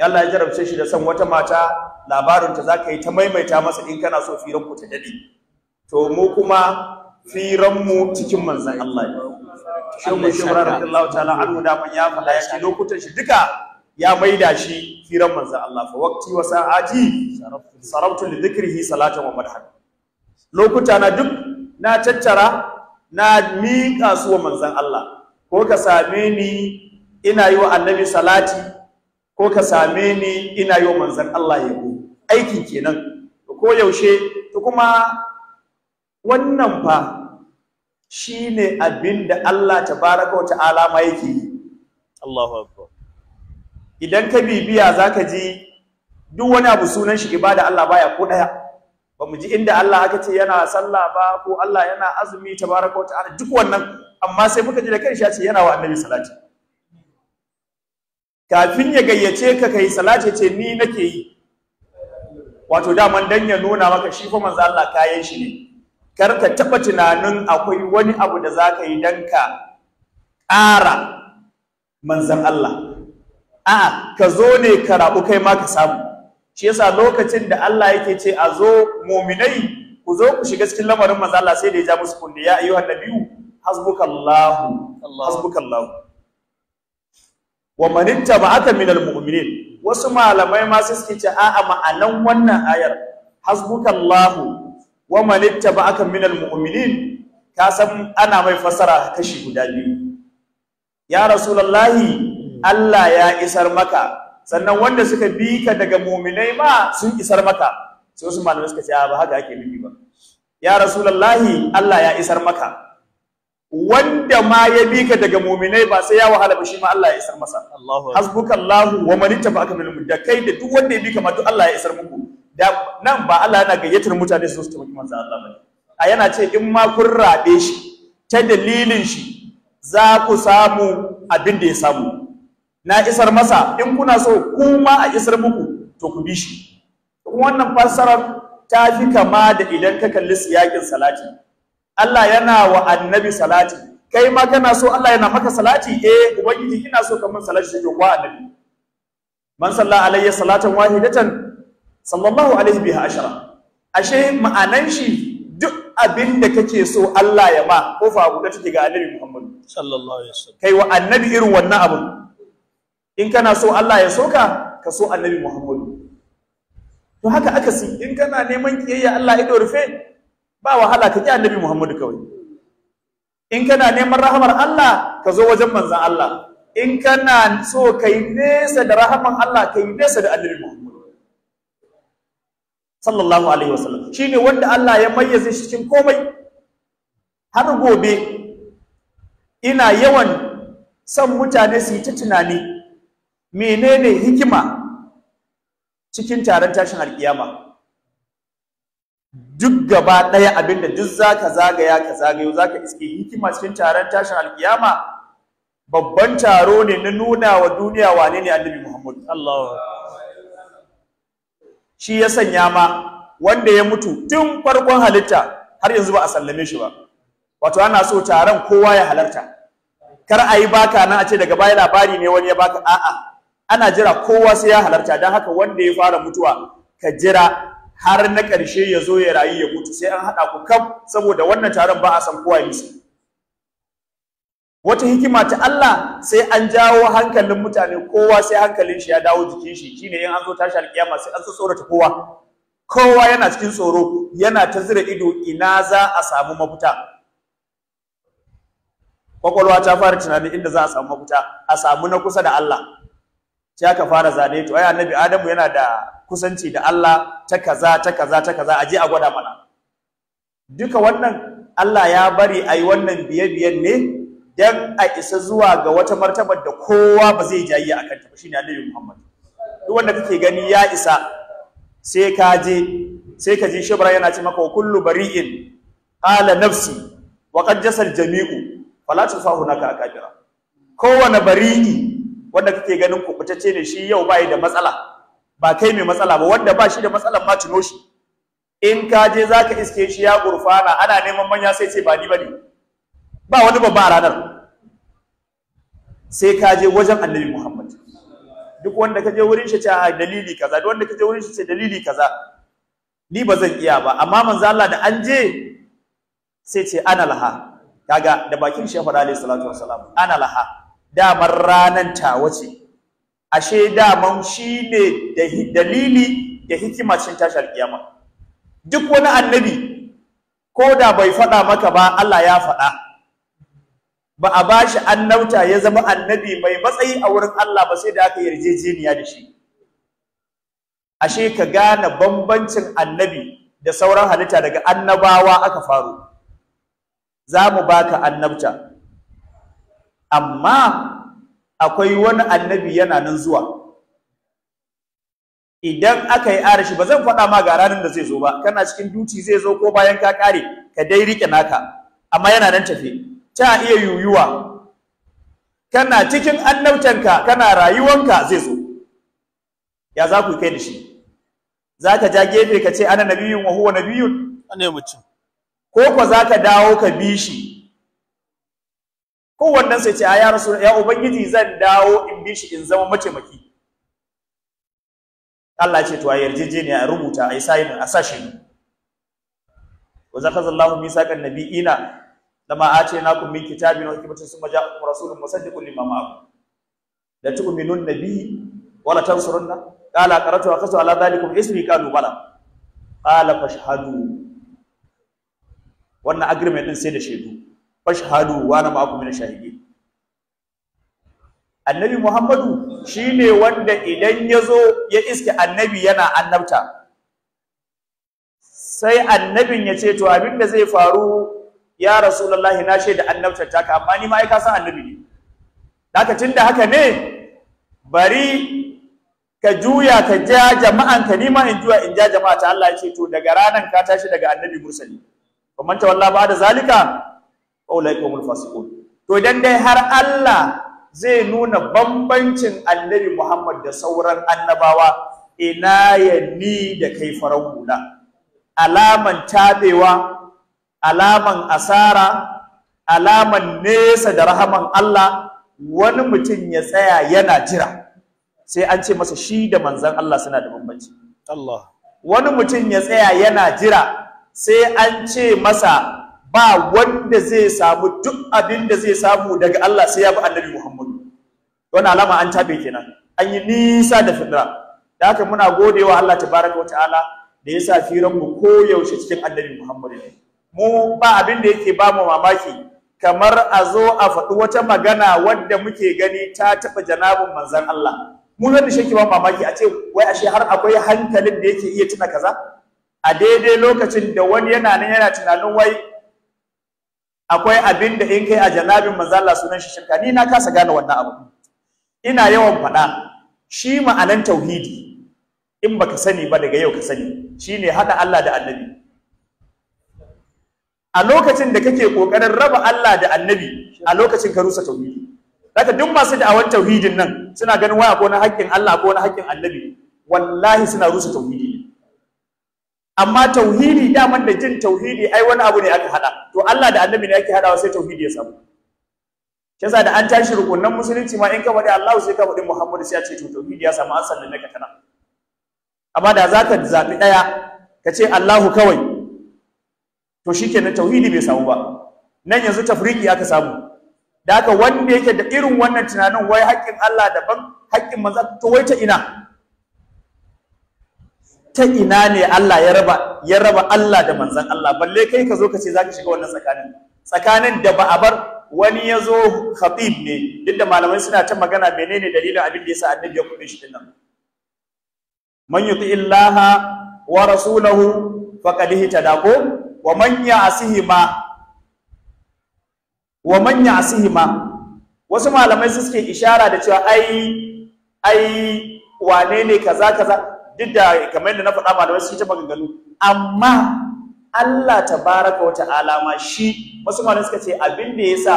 Allah ya jarabce shi da san wata mata labarinta za ka yi ta maimaita masa in kana so firan ku ta daɗi to mu kuma firan mu cikin manzan Allah ne shin mu shimra radiyallahu ta'ala anhu da man ya fada ya ci lokutan shi duka ya maida shi firan manzan Allah fa waqti wa sa'ati sarabtu li dhikrihi salatan wa madhan lokuta na duk na tattara na miƙa su wa manzan Allah ko ka same ni ina yi wa annabi salati ko ka same ni ina yi wa manzan Allah yabo aikin kenan ko yaushe to kuma wannan fa shine abin da Allah tabaraka wa ta'ala ma yake yi Allahu akbar idan ka bibiya zaka ji duk wani abu sunan shi ibada Allah baya ko daya ba mu ji inda Allah aka ce yana sallah ba ko Allah yana azumi tabaraka wata ala, duk wannan amma sai muka ji da kanshi shi yana wa annabi salati kafin ya gayyace ka kai salati ce ni nake yi wato daman dan ya nuna maka shi fa manzo Allah kayan shi ne kar ka taba tunanin akwai wani abu da zaka yi dan ka ƙara manzon Allah a'a ka zo ne ka rabu kai ma ka samu shi yasa lokacin da Allah yake ce a zo mu'minai ku zo ku shiga cikin lamarin manzo Allah sai da ya ja musu kunne ya ayyuha nabiyyu hasbukallahu hasbukallahu wa man ittaba'aka minal almu'minin wasu malamai ma sai suke ce a'a ma'anan wannan ayar hasbukallahu wa man ittaba'aka minal almu'minin ka san ana mai fasara kashi guda biyu ya rasulullahi Allah ya isar maka sannan wanda suka bi ka daga muminai ma sun isar maka sai wasu malamai suka ce ba haka ake nufi ba ya rasulullahi Allah ya isar maka wanda ma ya bi ka daga muminai ba sai ya wahala ba shi ma Allah ya isar masa hasbukallahu wa man ittaba'aka min da kai da duk wanda ya bi ka ma duk Allah ya isar muku da nan ba Allah yana gayyatar mutane su su taimaki manzo Allah ba a yana ce in ma kun rabe shi ta dalilin shi za ku samu abin da ya samu na isar masa in kuna so kuma a isar muku to ku bi shi wannan fassarar ta fi kama da idan ka kalli siyakin salati Allah yana wa annabi salati kai ma kana so Allah yana maka salati eh ubangiji ina so kamar salati shi kwa annabi man salla alayya salatan wahidatan sallallahu alaihi biha ashara ashe ma'anan shi duk abin da kake so Allah ya ma kofa guda take ga annabi Muhammad sallallahu alaihi wasallam kai wa annabi irin wannan abu? in kana so Allah ya soka ka so annabi Muhammadu to haka aka si in kana neman kiyayya Allah ido rufe ba wahala ka ki annabi Muhammadu kawai in kana neman rahamar Allah ka zo wajen manzon Allah in kana so kai nesa da rahaman Allah kai nesa da annabi Muhammadu sallallahu alaihi wasallam shine wanda Allah ya mayyaze shi cikin komai har gobe ina yawan san mutane su yi ta tunani menene hikima cikin taron tashin alkiyama duk gaba ɗaya abinda duk zaka zagaya ka zagayo zaka iske hikima cikin taron tashin alkiyama babban taro ne na nuna wa duniya wane ne annabi Muhammad Allah shi ya sanya ma wanda ya mutu tun farkon halitta har yanzu ba a sallame shi ba wato ana so taron kowa ya halarta kar a yi baka nan a ce daga baya labari ne wani ya baka a'a ana jira kowa sai ya halarta don haka wanda ya fara mutuwa ka jira har na ƙarshe ya zo ya rayu ya mutu sai an haɗa ku kam saboda wannan taron ba a san kowa ya wata hikima ta Allah sai an jawo hankalin mutane kowa sai hankalin shi ya dawo jikin shi shine in an zo tashi alƙiyama sai an tsorata kowa kowa yana cikin tsoro yana ta zira ido ina za a samu mafita kwakwalwa ta fara tunanin inda za a samu mafita a samu na kusa da Allah sai aka fara zane to ai annabi adamu yana da kusanci da Allah ta kaza ta kaza ta kaza aje a gwada mana duka wannan Allah ya bari ai wannan biye biyen ne dan a isa zuwa ga wata martabar da kowa ba zai jayi akan ta ba shine annabi Muhammad duk wanda kake gani ya isa sai ka je sai ka ji shibra yana ce maka kullu bari'in ala nafsi wa qad jasal jami'u fala tusahu naka akabira kowane bari'i wanda kake ganin kubutacce ne shi yau bai da matsala ba kai mai matsala ba wanda ba shi da matsalan ma tuno shi in ka je zaka iske shi ya gurfana ana neman manya sai ce ba ni bane ba wani babba a ranar sai ka je wajen Annabi Muhammad duk wanda ka je wurin shi ce dalili kaza duk wanda ka je wurin shi ce dalili kaza ni ba zan iya ba amma manzo Allah da an je sai ce ana laha kaga da bakin shi ya faɗa alaihi salatu wassalam ana laha damar ranan ta wace ashe daman shine ne dalili da hikima tashar tashi duk wani annabi ko da bai faɗa maka ba Allah ya faɗa ba a bashi annauta ya zama annabi mai matsayi a wurin Allah ba sai da aka yarjejeniya da shi ashe ka gane bambancin annabi da sauran halitta daga annabawa aka faru za mu baka annabta amma akwai wani annabi yana nan zuwa idan aka yi arashi ba zan faɗa ma ga ranar da zai zo ba kana cikin duci zai zo ko bayan ka ƙare, ka dai rike naka amma yana nan tafe ta iya yuyuwa kana cikin annabtanka kana rayuwanka zai zo ya za ku kai da shi za ka ja gefe ka ce ana nabiyun wa huwa nabiyun mutum ko ko za ka dawo ka bi shi kowannen sai ce a ah, ya rasu ya ubangiji zan dawo in bi shi in zama mataimaki Allah ce to a yarjejeniya a rubuta a yi sayin a sashi ne wa zaka zallahu misaqan nabiyina lama na min kitabin wa hikmatin summa ja'akum rasulun musaddiqun lima ma'akum da tu'minun nabiyyi nabi wala tansurunna qala qaratu wa qasu ala dhalikum ismi qalu bala qala fashhadu wannan agreement din sai da shaidu fashhadu wa ana ma'akum min shahidin annabi muhammadu shine wanda idan yazo ya iske annabi yana annabta sai annabin ya ce to abin da zai faru ya rasulullahi na shaida annabtar taka amma ni ma ai ka san annabi ne haka tunda haka ne bari ka juya ka ja jama'an ka nima in juya in ja jama'a ta Allah ya ce to daga ranan ka tashi daga annabi mursali kuma ta wallahi ba da zalika ulaikumul fasiqun to idan dai har Allah zai nuna bambancin annabi Muhammad da sauran annabawa ina ya ni da kai farar alaman tabewa alaman asara alaman nesa da rahaman Allah wani mutum ya tsaya yana jira sai an ce masa shi da manzan Allah suna da bambanci Allah wani mutum ya tsaya yana jira sai an ce masa ba wanda zai samu duk abin da zai samu daga Allah sai ya bi annabi Muhammadu wannan alama an tabe kenan an yi nisa da fitra da haka muna godewa Allah tabaraka wataala da ya sa firan mu ko yaushe cikin annabi Muhammadu mu ba abin da yake ba mu mamaki kamar a zo a faɗi wata magana wanda muke gani ta taɓa janabin manzon Allah mu da shi ba mamaki a ce wai ashe har akwai hankalin da yake iya tuna kaza a daidai lokacin da wani yana nan yana tunanin wai akwai abin da in kai a janabin manzala sunan shi shirka ni na kasa gane wannan abu ina yawan faɗa shi ma'anan tauhidi in baka sani ba daga yau ka sani shine haɗa Allah da annabi a lokacin da kake kokarin raba Allah da annabi a lokacin ka rusa tauhidi zaka duk masu da'awan tauhidin nan suna ganin waya ko na haƙƙin Allah ko na haƙƙin annabi wallahi suna rusa tauhidi amma tauhidi daman da jin tauhidi ai wani abu ne aka hada to Allah da annabi ne yake hadawa sai tauhidi ya samu shi yasa da an tashi rukunan musulunci ma in ka faɗi Allah sai ka bari Muhammad sai ya ce to tauhidi ya samu an sallame ka kana amma da zaka zabi daya ka ce Allahu kawai to shikenan tauhidi bai samu ba nan yanzu tafriki aka samu da haka wanda yake da irin wannan tunanin wai haƙƙin Allah daban haƙƙin manzo to wai ta ina ta ina ne Allah ya raba ya raba Allah da manzon Allah balle kai ka zo ka ce zaka shiga wannan tsakanin tsakanin da ba a bar wani ya zo khatib ne duk da malamai suna ta magana menene dalilin abin da yasa annabi ya kuɗe shi dinnan man yuti illaha wa rasulahu faqad ihtada ko wa man ma wa man ma wasu malamai suke ishara da cewa ai ai wane ne kaza kaza duk da kamar yadda na faɗa wasu sun ta maganganu amma Allah baraka wa ta'ala ma shi wasu malamai suka ce abin da yasa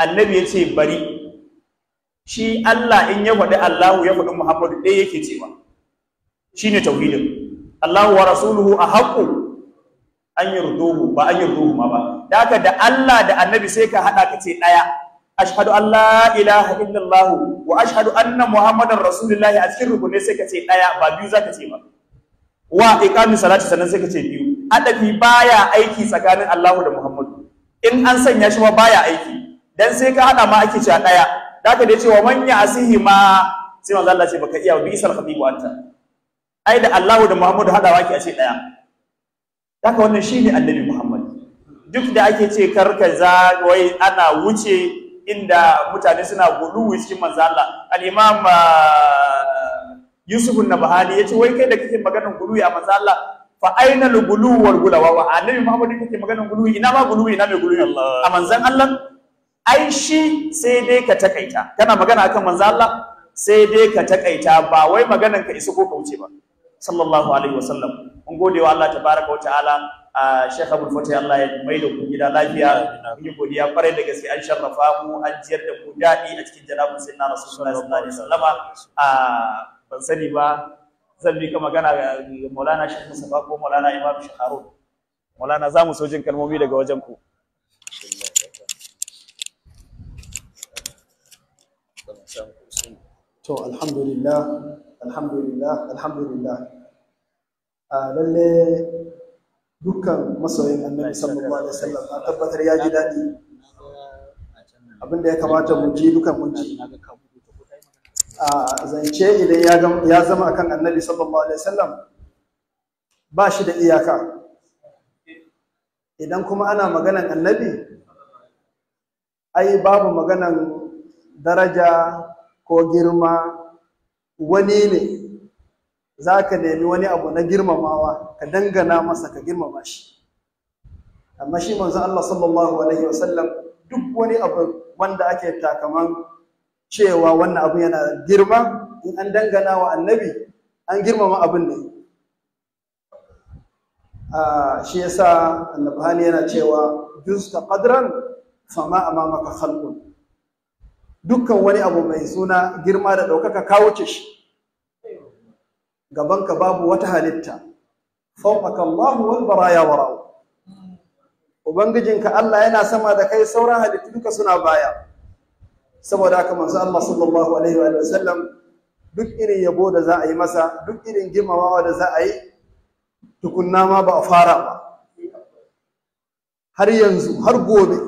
annabi ya ce bari shi Allah in ya faɗi Allahu ya faɗi Muhammadu ɗaya yake cewa shine tauhidin Allahu wa rasuluhu a ahqqu an yurduhu ba an yurduhu ma ba da haka da Allah da annabi sai ka haɗa ka ce ɗaya ashhadu an la ilaha illallah wa ashhadu anna muhammadar rasulullahi a cikin rukunai sai ka ce daya ba biyu zaka ce ba wa iqamis salati sannan sai ka ce biyu ba baya aiki tsakanin Allahu da Muhammadu in an sanya shi ma baya aiki dan sai ka hada ma ake cewa daya zaka dai cewa man ya asihi ma sai manzo Allah ce baka iya bi isal khabibu anta ai da Allahu da Muhammadu hadawa ke a ce daya haka wannan shi ne annabi Muhammad duk da ake ce karkaza wai ana wuce inda mutane suna guluwi cikin manzo Allah al-imam ah, Yusuf an-Nabhani yace wai kai da kake maganar guluwi a manzo Allah fa aina al-guluwi wal gulawa wa annabi Muhammad kake maganar guluwi ina ma guluwi ina mai guluwi a manzon Allah ai shi sai dai ka takaita kana magana akan manzo Allah sai dai ka takaita ba wai maganar ka isa ko ka wuce ba sallallahu alaihi wasallam mun gode wa Allah tabaraka wa ta'ala a Sheikh Abdul Fatih Allah ya mai da ku gida lafiya yi godiya kwarai da gaske an sharrafa mu an ciyar da ku daɗi a cikin janabin sayyidina Rasulullahi sallallahu alaihi wasallama a ban sani ba zan bi ka magana ga Maulana Sheikh Mustafa ko Maulana Imam Sheikh Harun Maulana za mu so jin kalmomi daga wajen ku to alhamdulillah alhamdulillah alhamdulillah Lallai. dukkan masoyin annabi sallallahu alaihi wasallam na tabbatar ya ji daɗi abinda ya kamata mu ji dukan mun ji a zance idan ya zama akan annabi sallallahu alaihi wasallam ba shi da iyaka idan kuma ana maganan annabi ai babu maganan daraja ko girma wani ne za ka nemi wani abu na girmamawa ka dangana masa ka girmama shi amma shi manzo Allah sallallahu alaihi wasallam duk wani abu wanda ake takaman cewa wannan abu yana girma in an dangana wa annabi an girmama abin ne shi yasa annabi hali yana cewa justa qadran a amamaka khalqun dukkan wani abu mai suna girma da ɗaukaka kawo ce shi gabanka babu wata halitta fawqaka Allahu wal baraya wara'u ubangijinka Allah yana sama da kai sauran halittu duka suna baya saboda haka manzo Allah sallallahu alaihi wa sallam duk irin yabo da za a yi masa duk irin girmamawa da za a yi tukunna ma ba fara ba har yanzu har gobe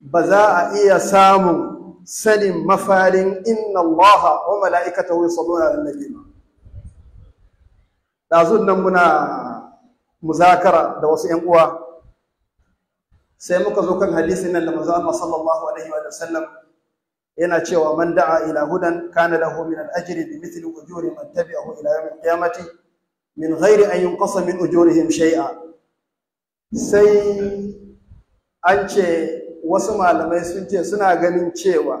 ba za a iya samun sanin mafarin inna Allah wa mala'ikatahu yusalluna 'alan nabi ba ɗazun nan muna muzakara da wasu ‘yan uwa sai muka zo kan hadisi nan da manzo Allah sallallahu alaihi wa sallam yana cewa man da'a ila hudan kana lahu min al'ajiri ajri bi mithli ujuri man tabi'ahu ila yawm min ghairi an yunqasa min ujurihim shay'a sai an ce wasu malamai sun ce suna ganin cewa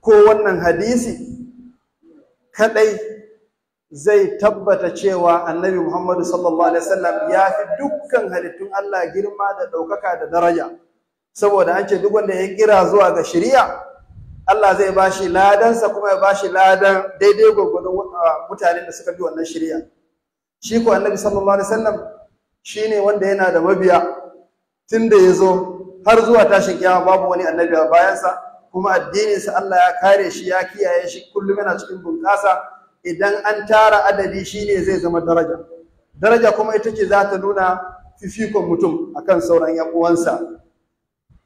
ko wannan hadisi kadai zai tabbata cewa annabi Muhammadu sallallahu alaihi wasallam ya fi dukkan halittun Allah girma da ɗaukaka da daraja saboda an ce duk wanda ya kira zuwa ga shari'a Allah zai bashi ladansa kuma ya bashi ladan daidai gwagwadon mutanen da suka bi wannan shari'a shi ko annabi sallallahu alaihi wasallam shine wanda yana da mabiya tunda ya zo har zuwa tashin kiyama babu wani annabi a bayansa kuma addininsa Allah ya kare shi ya kiyaye shi kullum yana cikin bunƙasa idan an tara adadi shine zai zama daraja daraja kuma ita ce za ta nuna fifikon mutum akan sauran yan uwansa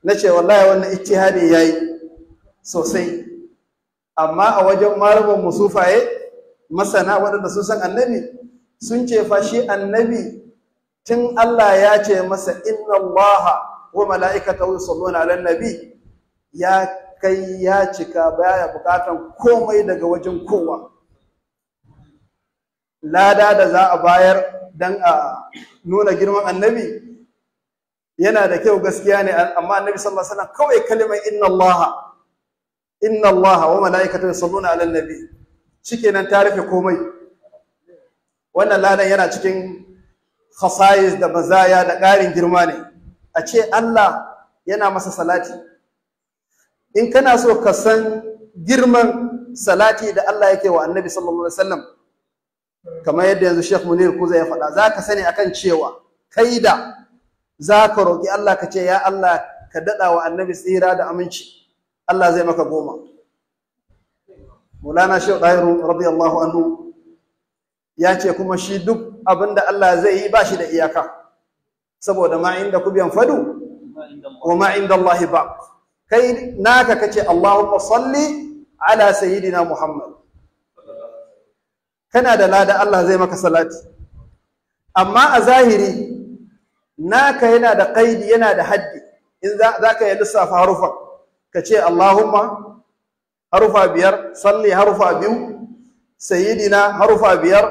na ce wallahi wannan ittihadi yayi sosai amma a wajen malaman musufaye masana waɗanda sun san annabi sun ce fa shi annabi tun Allah ya ce masa inna allaha wa mala'ikatahu yusalluna na nabi ya kai ya cika baya bukatan komai daga wajen kowa lada da za a bayar dan a nuna girman annabi yana da kyau gaskiya ne amma annabi sallallahu alaihi wasallam kawai kalimar inna Allah inna Allah wa malaikatu yusalluna ala annabi shikenan ta rufe komai wannan ladan yana cikin khasais da mazaya da ƙarin girma ne a ce Allah yana masa salati in kana so ka san girman salati da Allah yake wa annabi sallallahu alaihi wasallam kamar yadda yanzu Sheikh Munir Kuza ya faɗa zaka sani akan cewa kai da zaka roki Allah ka ce ya Allah ka dada wa annabi tsira da aminci Allah zai maka goma Mulana Sheikh Dairu radiyallahu anhu ya ce kuma shi duk abinda Allah zai yi bashi da iyaka saboda ma inda kubiyan fadu wa ma inda Allah ba kai naka kace Allahumma salli ala sayyidina Muhammad kana da lada Allah zai maka salati amma a zahiri naka yana da kaidi yana da haddi in za ka yi lissafa harufa ka ce Allahumma harufa biyar salli harufa biyu sayyidina harufa biyar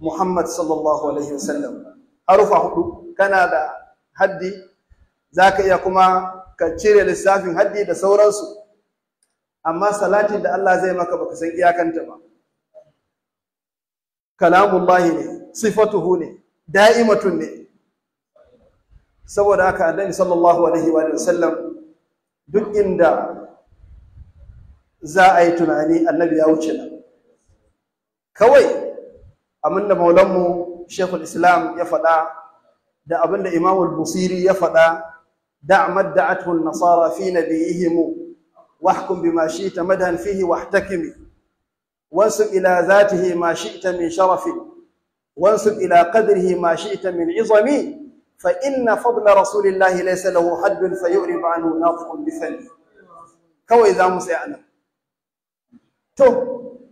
Muhammad sallallahu alaihi wasallam harufa hudu kana da haddi za ka iya kuma ka cire lissafin haddi da sauransu amma salatin da Allah zai maka baka san iyakanta ba kalamullahi ne sifatuhu ne da'imatun ne saboda aka annabi sallallahu alaihi wa sallam duk inda za a yi tunani annabi ya wuce nan kawai abin da maulanmu shekul islam ya faɗa da abin da imamul busiri ya faɗa da madda athun nasara fi nabiyihimu wahkum bima shi ta madan fihi wahtakimi wansub ila zatihi ma shi'ta min sharafin wansub ila qadrihi ma shi'ta min izami fa inna fadla rasulillahi laysa lahu haddun fayurib anhu nafiqun bifani kawai za mu tsaya anan to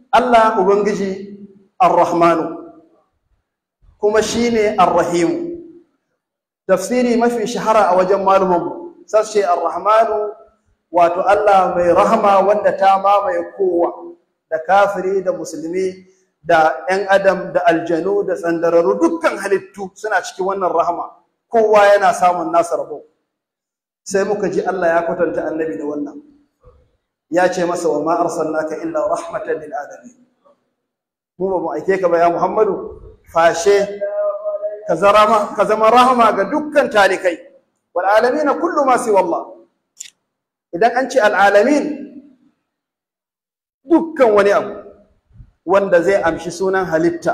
Allah ubangiji ar-rahmanu kuma shine ar tafsiri mafi shahara a wajen malumanmu sashe ar-rahmanu wato Allah mai rahma wanda ta mamaye kowa da kafiri da musulmi da 'yan adam da aljanu da tsandararru dukkan halittu suna cikin wannan rahama kowa yana samun nasa rabo sai muka ji Allah ya kwatanta annabi da wannan ya ce masa wa ma arsalnaka illa rahmatan lil alamin mu ba mu aike ka ba ya Muhammadu fashe ka zama ka zama rahama ga dukkan talikai wal alamin kullu ma siwa Allah idan an ce al alamin dukkan wani abu wanda zai amshi sunan halitta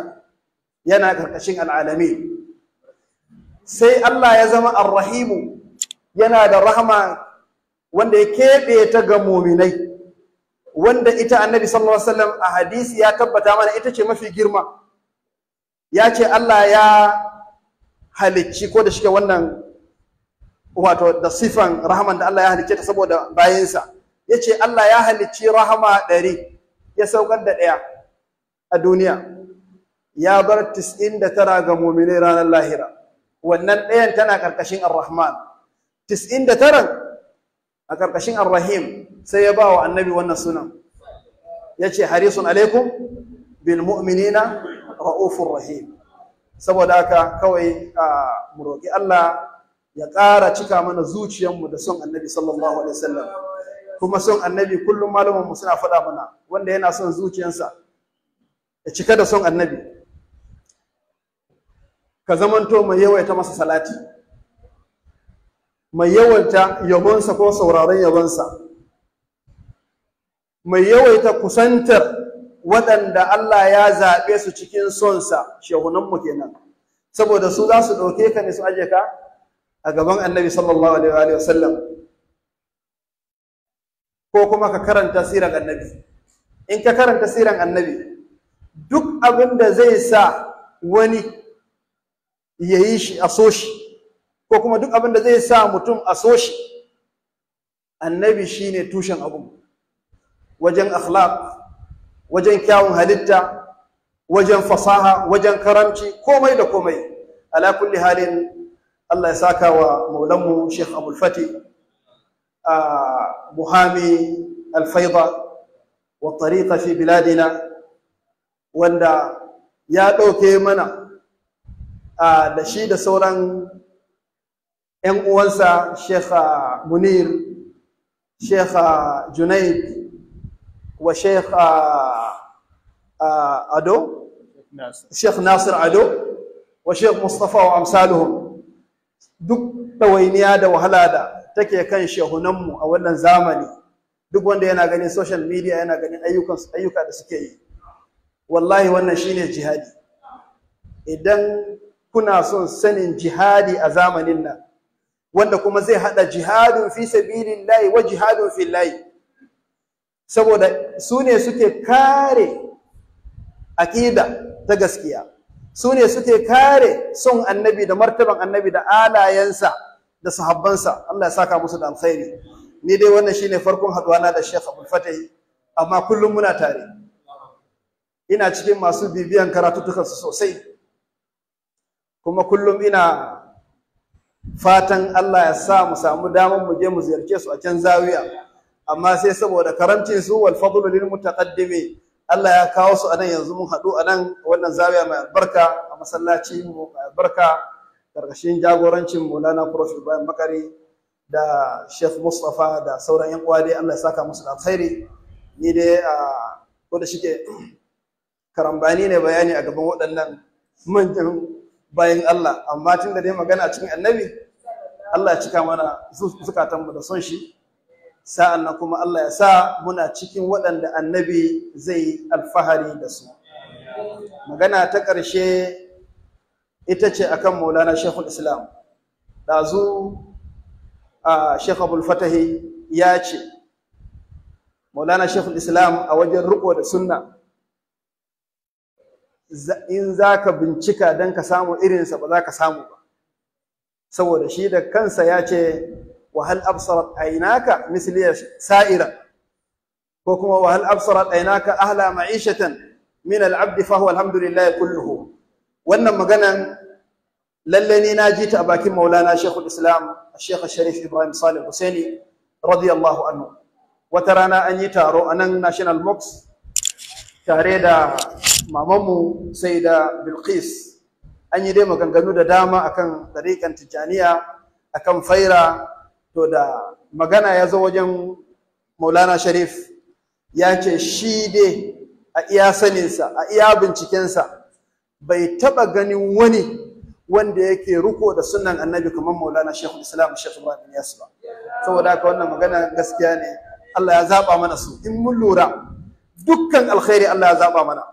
yana karkashin al'alami sai Allah ya zama arrahimu yana da rahama wanda ya keɓe ta ga muminai wanda ita annabi sallallahu alaihi wasallam a hadisi ya tabbata mana ita ce mafi girma ya ce Allah ya halicci ko da shike wannan wato da sifan rahaman da Allah ya halicce ta saboda bayinsa ya ce Allah ya halicci rahama ɗari ya saukar da ɗaya a duniya ya bar tis'in da tara ga muminai ranar lahira wannan ɗayan tana ƙarƙashin ar-rahman tis'in da a ƙarƙashin ar-rahim sai ya ba wa annabi wannan sunan ya ce harisun alaikum bilmuminina mu'minina ra'ufur rahim saboda haka kawai mu roƙi Allah ya ƙara cika mana zuciyarmu da son annabi sallallahu alaihi wasallam kuma son annabi kullum malamanmu suna faɗa mana wanda yana son zuciyarsa ya cika da son annabi ka zamanto mai yawaita masa salati mai yawaita yabonsa ko sauraron yabonsa mai yawaita kusantar waɗanda Allah ya zaɓe su cikin sonsa shehunanmu kenan saboda su za su ɗauke ka ne su aje ka a gaban annabi sallallahu alaihi wa sallam ko kuma ka karanta siran annabi in ka karanta siran annabi duk abin da zai sa wani ya yi shi a so shi ko kuma duk abin da zai sa mutum a so shi annabi shine tushen abu wajen akhlaq wajen kyawun halitta wajen fasaha wajen karamci komai da komai ala kulli halin Allah ya saka wa maulanmu Sheikh Abdul Fati ah, محامي wa والطريقة في biladina. wanda ya ɗauke mana da shi da sauran 'yan uwansa shekha munir shekha junaid wa shekha ado shekh nasir ado wa shekh mustapha wa amsaluhum duk ɗawainiya da wahala da take kan mu a wannan zamani duk wanda yana ganin social media yana ganin ayyukan ayyuka da suke yi wallahi wannan shine jihadi idan kuna son sanin jihadi a zamanin nan wanda kuma zai hada jihadun fi sabilillahi wa jihadun fillahi saboda su ne suke kare aqida ta gaskiya su ne suke kare son annabi da martaban annabi da alayensa da sahabbansa Allah ya saka musu da alkhairi ni dai wannan shine farkon haduwana da Sheikh Abdul Fatahi amma kullum muna tare ina cikin masu bibiyan karatutukansu sosai kuma kullum ina fatan Allah ya sa mu samu damar mu je mu ziyarce su a can zawiya amma sai saboda karamcin su wal fadlu lil mutaqaddimi Allah ya kawo su a nan yanzu mun haɗu anan wannan zawiya mai albarka a masallaci mu mai albarka karkashin jagorancin Maulana Prof bayan Bakari da chef Mustapha da sauran yan uwa dai Allah ya saka musu da alkhairi ni dai a ko da shike karambani ne bayani a gaban waɗannan manjan bayan Allah amma tun da dai magana a cikin annabi Allah ya cika mana mu da son shi sa'an nan kuma Allah ya sa muna cikin waɗanda annabi zai alfahari da su magana ta ƙarshe ita ce akan maulana shekul islam ɗazu a shekh abul ya ce maulana shekul islam a wajen riko da sunna in za ka bincika don ka samu irinsa ba za ka samu ba saboda shi da kansa ya ce wahal absarat ainaka misliya sa'ira ko kuma wahal absarat ainaka ahla ma'ishatan min al-abd fa alhamdulillah kulluhu wannan maganan lalle ne na ji ta a bakin maulana shekul islam a shekha sharif ibrahim salih husaini radiyallahu anhu wata rana an yi taro a nan national mox tare da mamanmu sai da bilkis an yi dai maganganu da dama akan dariƙan tijjaniya akan faira to da magana ya zo wajen maulana sharif ya ce shi dai a iya saninsa a iya bincikensa bai taba ganin wani wanda yake ruko da sunan annabi kamar maulana shekul islam shekul ibrahim yasu ba saboda haka wannan magana gaskiya ne allah ya zaba mana su in mun lura dukkan alkhairi allah ya zaba mana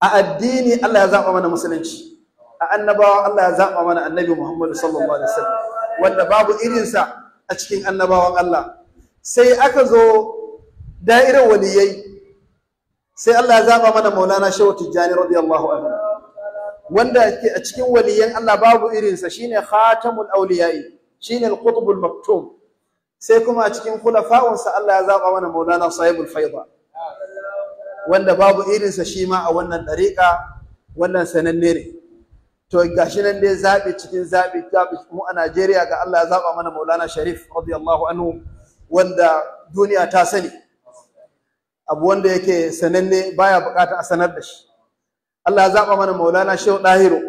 a addini allah ya zaba mana musulunci a annabawa allah ya zaba mana annabi muhammadu sallallahu alaihi wasallam wanda babu irinsa a cikin annabawan allah sai aka zo da'irar waliyai sai Allah ya zaba mana Maulana Shehu Tijjani radiyallahu anhu wanda a cikin waliyan Allah babu irinsa shine khatamul awliya'i shine al-qutbul maktum sai kuma a cikin sa Allah ya zaba mana Maulana Sahibul Faida wanda babu irinsa shi ma a wannan dariƙa wannan sananne ne to gashi nan dai zaɓi cikin zaɓi mu a Najeriya ga Allah ya zaba mana Maulana Sharif radiyallahu anhu wanda duniya ta sani abu wanda yake sananne baya bukata a sanar da shi Allah ya zaba mana Maulana Shehu Dahiru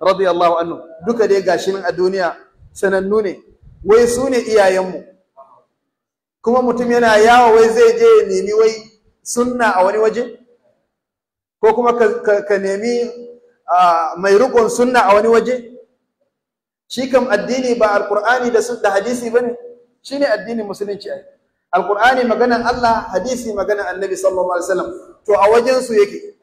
radiyallahu anhu duka dai gashi nan a duniya sanannu ne wai su ne mu. kuma mutum yana yawo wai zai je ya nemi wai sunna a wani waje ko kuma ka nemi mai rikon sunna a wani waje shi kam addini ba alkur'ani da hadisi bane shine addinin musulunci ai القرآن مجانا الله حديثي مجانا النبي صلى الله عليه وسلم تو توأوجن سويك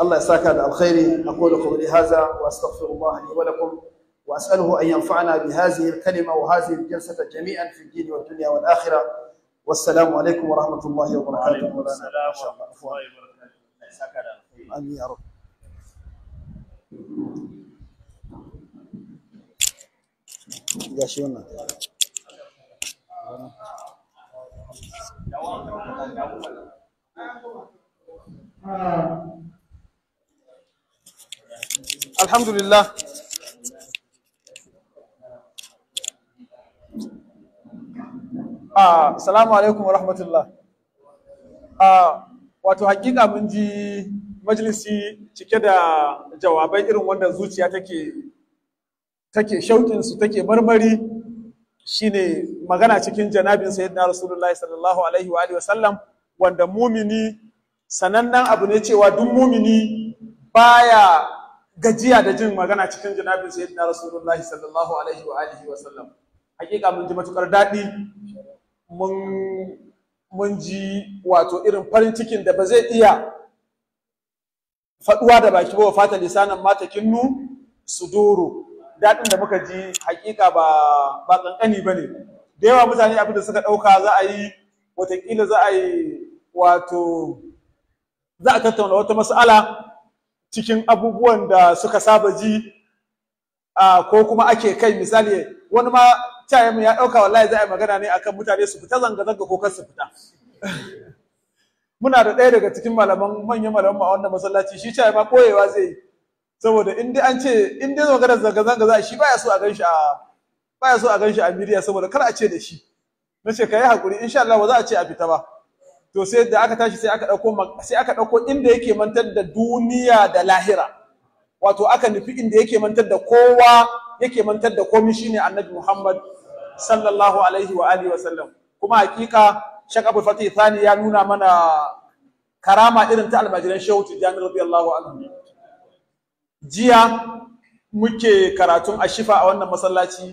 الله يساك هذا الخير أقول قولي هذا وأستغفر الله لي ولكم وأسأله أن ينفعنا بهذه الكلمة وهذه الجلسة جميعا في الدين والدنيا والآخرة والسلام عليكم ورحمة الله وبركاته وعليكم السلام ورحمة الله وبركاته أمين يا رب alhamdulillah Ah, salamu alaikum wa rahmatullah. Ah, wato hakika mun ji majalisi cike da jawabai irin wanda zuciya take take shauƙinsu take marmari shine magana cikin janabin sayyidina rasulullahi sallallahu alaihi wa alihi wasallam wanda mumini sanannen abu ne cewa duk mumini baya gajiya da jin magana cikin janabin sayyidina rasulullahi sallallahu alaihi wa alihi wasallam hakika mun ji matukar daɗi mun mun ji wato irin farin cikin da ba zai iya faɗuwa da baki ba wa fata lisanan mata kinnu su doro daɗin da muka ji hakika ba ba kankani ba ne da yawa mutane abin da suka ɗauka za a yi watakila za a yi wato za a tattauna wata mas'ala cikin abubuwan da suka saba ji ko kuma ake kai misali wani ma mu ya ɗauka wallahi za a yi magana ne akan mutane su fita zanga-zanga ko kar su fita <laughs> muna da ɗaya daga cikin malaman manyan malaman a wannan masallaci shi cayamu ma ɓoyewa zai yi saboda in dai an ce in dai maganar zanga zanga za shi baya so a ganshi a baya so a ganshi a miriya. saboda kar a ce da shi nace kai hakuri insha Allah ba za a ce a fita ba to sai da aka tashi sai aka dauko sai aka dauko inda yake mantar da duniya da lahira wato aka nufi inda yake mantar da kowa yake mantar da komai shine Annabi Muhammad sallallahu alaihi wa alihi wa sallam kuma hakika shaka Abdul Fatih Thani ya nuna mana karama irin ta almajiran Shehu Tijjani radiyallahu anhu jiya muke karatun ashifa a wannan masallaci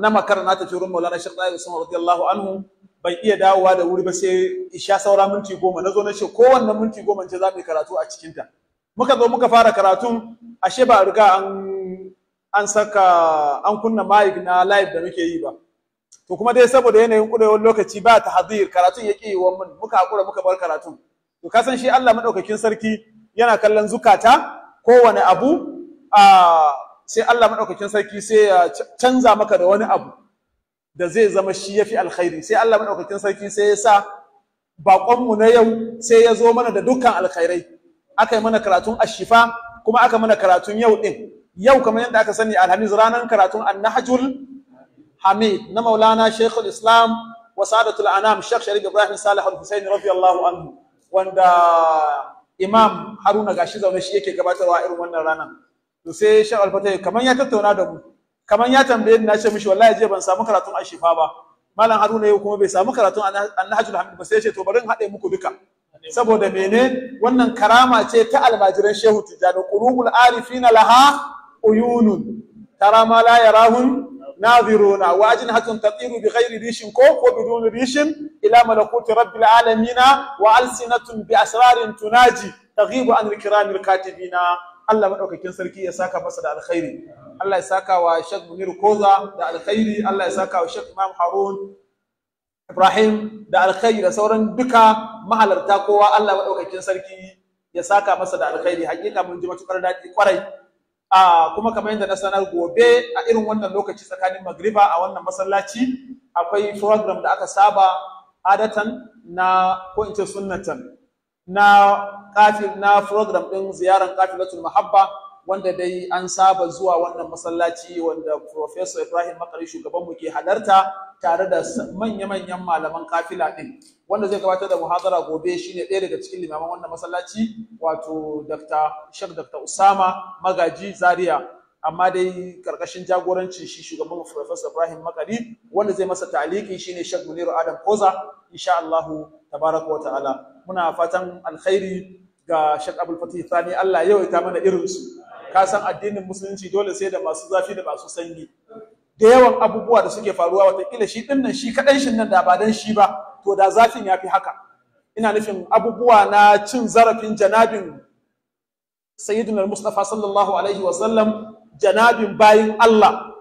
na makar na tafi wurin maulana shekta ya usman radiyallahu anhu ban iya dawowa da wuri ba sai isha saura minti goma na zo na ce kowanne minti goma ce za mu yi karatu a cikinta muka zo muka fara karatun ashe ba riga an an saka an kunna mic na live da muke yi ba to kuma dai saboda yanayin kurewar lokaci ba ta hadir karatun yake yi wa mun muka hakura muka bar karatun to kasan shi Allah maɗaukakin sarki yana kallon zukata kowane abu sai Allah maɗaukakin sarki sai ya canza maka da wani abu da zai zama shi ya fi alkhairi sai Allah maɗaukakin sarki sai ya sa baƙonmu na yau sai ya zo mana da dukkan alkhairai aka yi mana karatun ashifa kuma aka mana karatun yau ɗin yau kamar yadda aka sani alhamis ranar karatun annahajul hamid na maulana shekul islam wa sadatul anam shek sharif ibrahim salih al-husaini radiyallahu anhu wanda imam haruna gashi zaune shi yake gabatarwa irin wannan ranar to sai shan alfatai kamar ya tattauna da mu kamar ya tambaye ni na ce mishi wallahi je ban samu karatun ashifa ba malam haruna yau kuma bai samu karatun annahajul hamid ba sai ya ce to bari in haɗe muku duka saboda mene wannan karama ce ta almajiran shehu tijjani qulubul arifina laha uyunun tara ma la yarahun wa ناظرون وأجنحة تطير بغير ريش كوك وبدون ريش إلى ملكوت رب العالمين وألسنة بأسرار تناجي تغيب عن الكرام katibina. Allah maɗaukakin sarki ya saka masa da alkhairi Allah ya saka wa Sheikh Munir Koza da alkhairi Allah ya saka wa Sheikh Imam Harun Ibrahim da alkhairi da sauran duka mahalarta kowa Allah maɗaukakin sarki ya saka masa da alkhairi hakika mun ji matukar daɗi kwarai uh, kuma kamar yadda na sanar gobe a irin wannan lokaci tsakanin magriba a wannan masallaci akwai program da aka saba adatan na ko in ce sunnatan na kafin na program din ziyaran kafilatul mahabba wanda dai an saba zuwa wannan masallaci wanda Professor Ibrahim Makari shugabanmu ke halarta tare da manya-manyan malaman kafila ɗin. Wanda zai gabatar da muhadara gobe shine ɗaya daga cikin limaman wannan masallaci wato Dr. Sheikh Dr. Usama Magaji Zaria. Amma dai karkashin jagoranci shi shugaban Professor Ibrahim Makari wanda zai masa taliki shine Sheikh Muniru Adam Koza insha Allahu tabaraka wa ta'ala. Muna fatan alkhairi ga Sheikh Abdul Fatih Thani Allah yau ita mana irinsu. Kasan addinin musulunci dole sai da masu zafi da masu sanyi da yawan abubuwa da suke faruwa wata kila shi dinnan shi kaɗan shi nan da ba dan shi ba to da zafin ya fi haka ina nufin abubuwa na cin zarafin janabin sayyidina mustafa sallallahu alaihi wa sallam janabin bayin Allah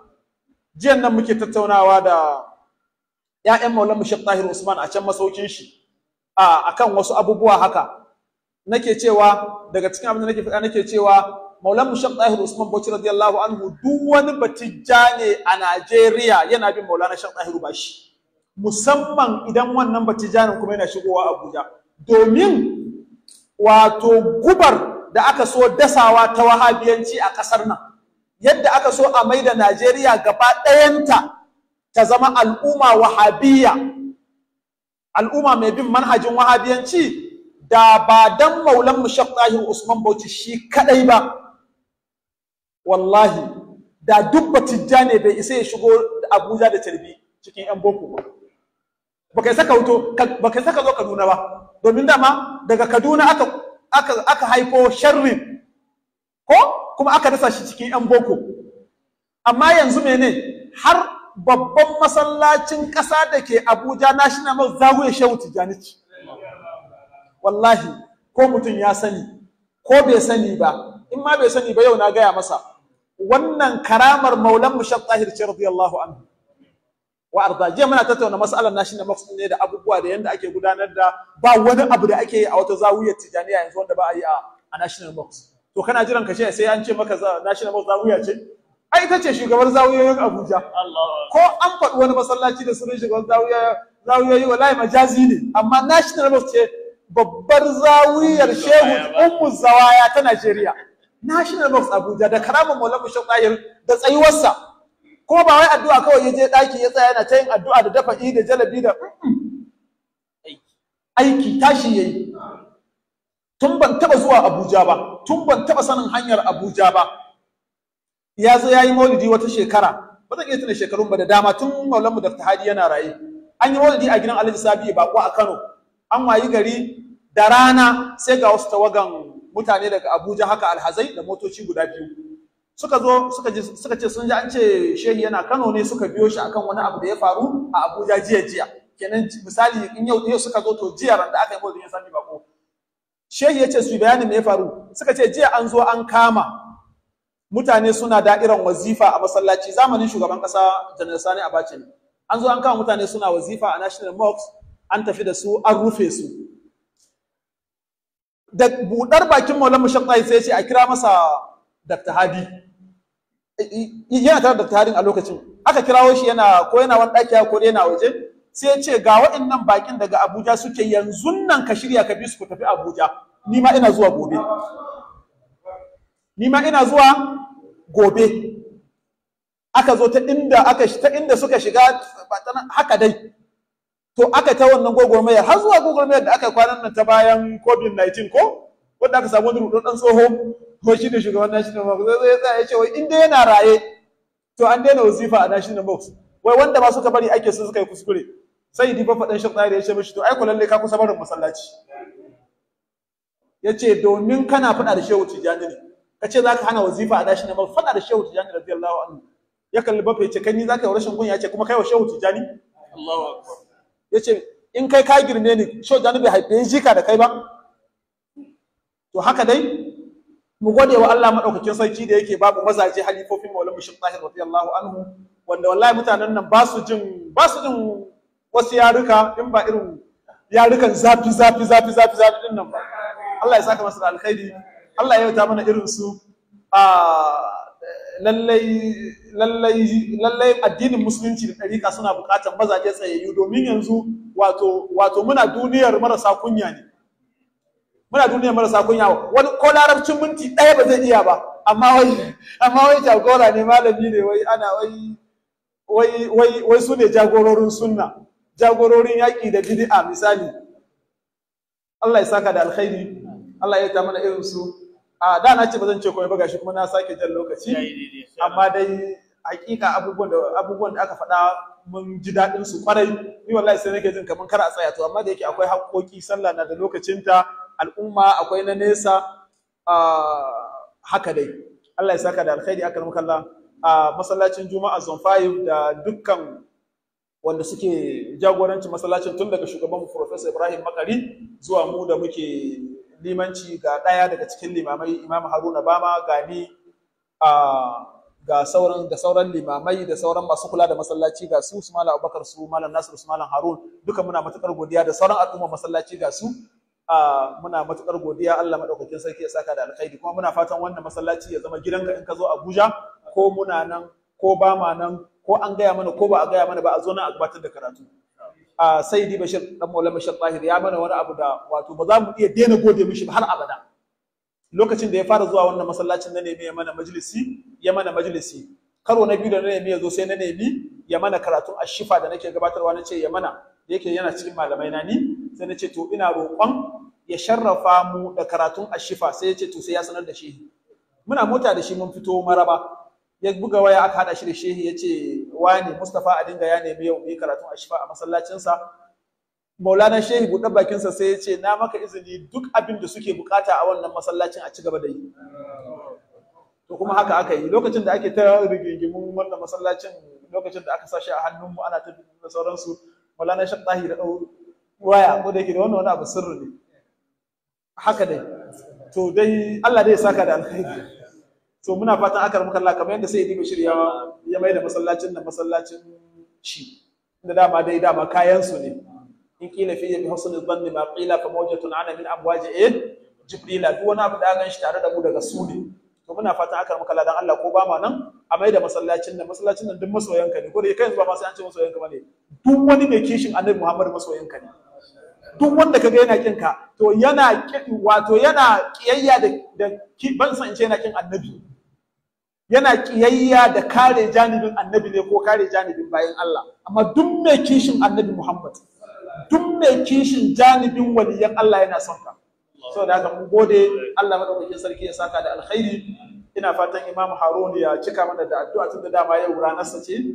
jiyan nan muke tattaunawa da ‘ya'yan maulan Mushek Tahir Usman a can masaukin shi a kan wasu abubuwa haka nake cewa daga cikin abin da nake faɗa nake cewa Maulan Mushaq dahir Usman Bauchi radiyallahu anhu duk wani batijja ne a Najeriya yana bin Maulana Shaq ba bashi musamman idan wannan ne kuma yana shigowa Abuja domin wato gubar da aka so dasawa ta wahabiyanci a ƙasar nan yadda aka so a mai da Najeriya gaba ɗayanta ta zama al'umma wahabiyya al'umma mai bin manhajin wahabiyanci da ba dan Maulan Mushaq Tahir Usman Bauchi shi kadai ba wallahi da duk batijja ne bai isa ya shigo abuja da tarbi cikin yan boko ba baka kai wuto baka ka zo kaduna ba domin dama daga kaduna aka aka aka haifo sharrin ko kuma aka dasa shi cikin yan boko amma yanzu mene har babban masallacin ƙasa da ke abuja national mall zagoye shehu tijjani wallahi ko mutum ya sani ko bai sani ba in ma bai sani ba yau na gaya masa wannan karamar maulan mushaf tahir ce radiyallahu anhu wa arda jiya muna tattauna mas'alar nashi na maqsud ne da abubuwa da yanda ake gudanar da ba wani abu da ake yi a wata zawiyar tijaniya yanzu wanda ba a yi a national box to kana jiran ka ce sai an ce maka national box zawiya ce ai ita ce shugabar zawiyoyin Abuja ko an faɗi wani masallaci da sunan shugaban zawiya zawiyoyi wallahi majazi ne amma national box ce babbar zawiyar shehu ummu zawaya ta Najeriya national box abuja da karamin Mola bishop da tsayuwarsa ko ba wai addu'a kawai ya je ɗaki ya tsaya yana ta yin addu'a da dafa da jalabi da aiki tashi ya yi tun ban taɓa zuwa abuja ba tun ban taɓa sanin hanyar abuja ba ya zo ya yi maulidi wata shekara ba zan iya tuna shekarun ba da dama tun maulanmu da hadi yana raye an yi maulidi a gidan alhaji sabi bako a kano an wayi gari da rana sai ga wasu tawagan mutane daga Abuja haka alhazai da motoci guda biyu suka zo suka ce sun ji an ce shehi yana Kano ne suka biyo shi akan wani abu da ya faru a Abuja jiya jiya kenan misali in yau ne suka zo to jiya ran da aka yi mu ya sani bako shehi ya ce su bayanin me ya faru suka ce jiya an zo an kama mutane suna da'iran wazifa a masallaci zamanin shugaban kasa janar sani abacin an zo an kama mutane suna wazifa a national mosque an tafi da su an rufe su da buɗar bakin maulan mushaqqai sai ce a kira masa Dr. Hadi yana tare da Dr. Hadi a lokacin aka kirawo shi yana ko yana wani ɗaki ko yana waje sai ce ga waɗannan bakin daga Abuja suke yanzu nan ka shirya ka bi su ku tafi Abuja ni ma ina zuwa gobe ni ma ina zuwa gobe aka zo ta inda aka ta inda suka shiga haka dai to aka ta wannan mayar har zuwa mayar da aka kwanan nan ta bayan covid-19 ko wanda aka samu wani rudadan tsoho ko shi ne shugaban national box zai zai tsaya ce wai in dai yana raye to an daina wasifa a national box wai wanda ba suka bari ake su suka yi kuskure sai difa faɗin shi da ya ce mishi to ai ku lalle ka kusa barin masallaci ya ce domin kana faɗa da shehu tijjani ne ka ce za ka hana wazifa a national box faɗa da shehu tijjani radiyallahu anhu ya kalli bafa ya ce kai ni za ka yi rashin kunya ya ce kuma kai wa shehu tijjani Allahu akbar ya ce in kai ka girme ni so jani bai haife jika da kai ba to haka dai mu gode wa Allah madaukakin sarki da yake babu mazaje halifofin Maulana Bashir Tahir radiyallahu anhu wanda wallahi mutanen nan ba su jin ba su jin wasu yaruka in ba irin yarukan zafi zafi zafi zafi zafi din nan ba Allah ya saka masa da alkhairi Allah ya yi ta mana irin su a ah, lallai addinin musulunci da ɗariƙa suna buƙatar mazaje tsayayyu domin yanzu wato muna duniyar marasa kunya ne muna duniyar marasa kunya wani ko larabcin minti ɗaya ba zai iya ba amma wai amma wai jagora ne malami ne wai ana wai wai su ne jagororin sunna jagororin yaƙi da bid'a misali Allah ya saka da alkhairi Allah ya ta mana irin su a da na ce ba zan ce komai ba gashi kuma na sake jan lokaci amma dai hakika abubuwan da abubuwan da aka faɗa mun ji daɗin su kwarai ni wallahi sai nake jin kamar kar a tsaya to amma da yake akwai hakoki sallah na da lokacinta al'umma akwai na nesa haka dai Allah ya saka da alkhairi aka muka Allah a masallacin Juma'a zone 5 da dukkan wanda suke jagorancin masallacin tun daga shugaban mu Professor Ibrahim Makari zuwa mu da muke limanci ga ɗaya daga cikin limamai imam haruna bama gani a ga sauran da sauran limamai da sauran masu kula da masallaci ga su su malam abubakar su malam Nasiru, su malam harun duka muna matukar godiya da sauran al'umma masallaci ga su muna matukar godiya Allah madaukakin sarki ya saka da alkhairi kuma muna fatan wannan masallaci ya zama gidanka in ka zo Abuja ko muna nan ko ba ma nan ko an gaya mana ko ba a gaya mana ba a zo nan a gabatar da karatu saidi bashir dan maula bashir tahir ya mana wani abu da wato ba za mu iya daina gode mishi ba har abada lokacin da ya fara zuwa wannan masallacin na nemi ya mana majalisi ya mana majalisi karo na biyu da na nemi ya zo sai na nemi ya mana karatun ashifa da nake gabatarwa na ce ya mana da yake yana cikin malamai na ni sai na ce to ina roƙon ya sharrafa mu da karatun ashifa sai ya ce to sai ya sanar da shi muna mota da shi mun fito maraba ya buga waya aka hada shi da shehi ya ce wani Mustapha a dinga ya nemi yau yi karatun a shifa a masallacinsa maulana shehi buɗe bakinsa sai ya ce na maka izini duk abin da suke bukata a wannan masallacin a ci gaba da yi to kuma haka aka yi lokacin da ake ta rigingimun wannan masallacin lokacin da aka sashi a hannunmu ana ta da sauransu maulana shek tahir waya ko da yake da wannan wani abu sirri ne haka dai to dai Allah dai ya saka da alkhairi so muna fatan aka ramu Allah kamar yadda sai ya bashir ya ya mai da masallacin da masallacin shi da dama dai dama kayan su ne in kila fi bi husnul dhanni ma qila fa mawjatun ana min abwaji id jibrila la duwana abu da gan shi tare da mu daga su ne to muna fatan aka ramu Allah dan Allah ko ba ma nan a mai da masallacin da masallacin nan duk masoyanka ne ko da kai yanzu ba ma sai an ce masoyanka bane duk wani mai kishin annabi Muhammad masoyanka ne duk wanda kaga yana kin ka to yana wato yana kiyayya da ban san ce yana kin annabi yana kiyayya da kare janibin annabi ne ko kare janibin bayan Allah amma duk mai kishin annabi Muhammad duk mai kishin janibin waliyan Allah yana son ka so da haka mun gode Allah madaukakin sarki ya saka da alkhairi ina fatan Imam Harun ya cika mana da addu'a tun da dama yau ranar sa ce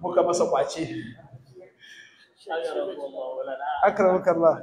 muka masa kwace akramukallah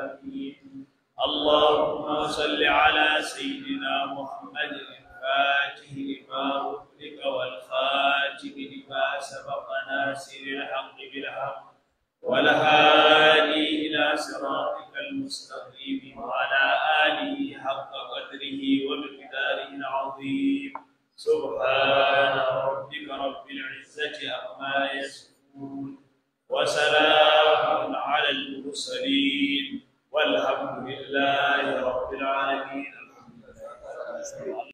اللهم صل على سيدنا محمد الفاتح لما أغلق والخاتم لما سبق ناصر الحق بالحق والهادي إلى صراطك المستقيم وعلى آله حق قدره ومقداره العظيم سبحان ربك رب العزة عما يصفون وسلام على المرسلين والحمد لله رب العالمين الحمد لله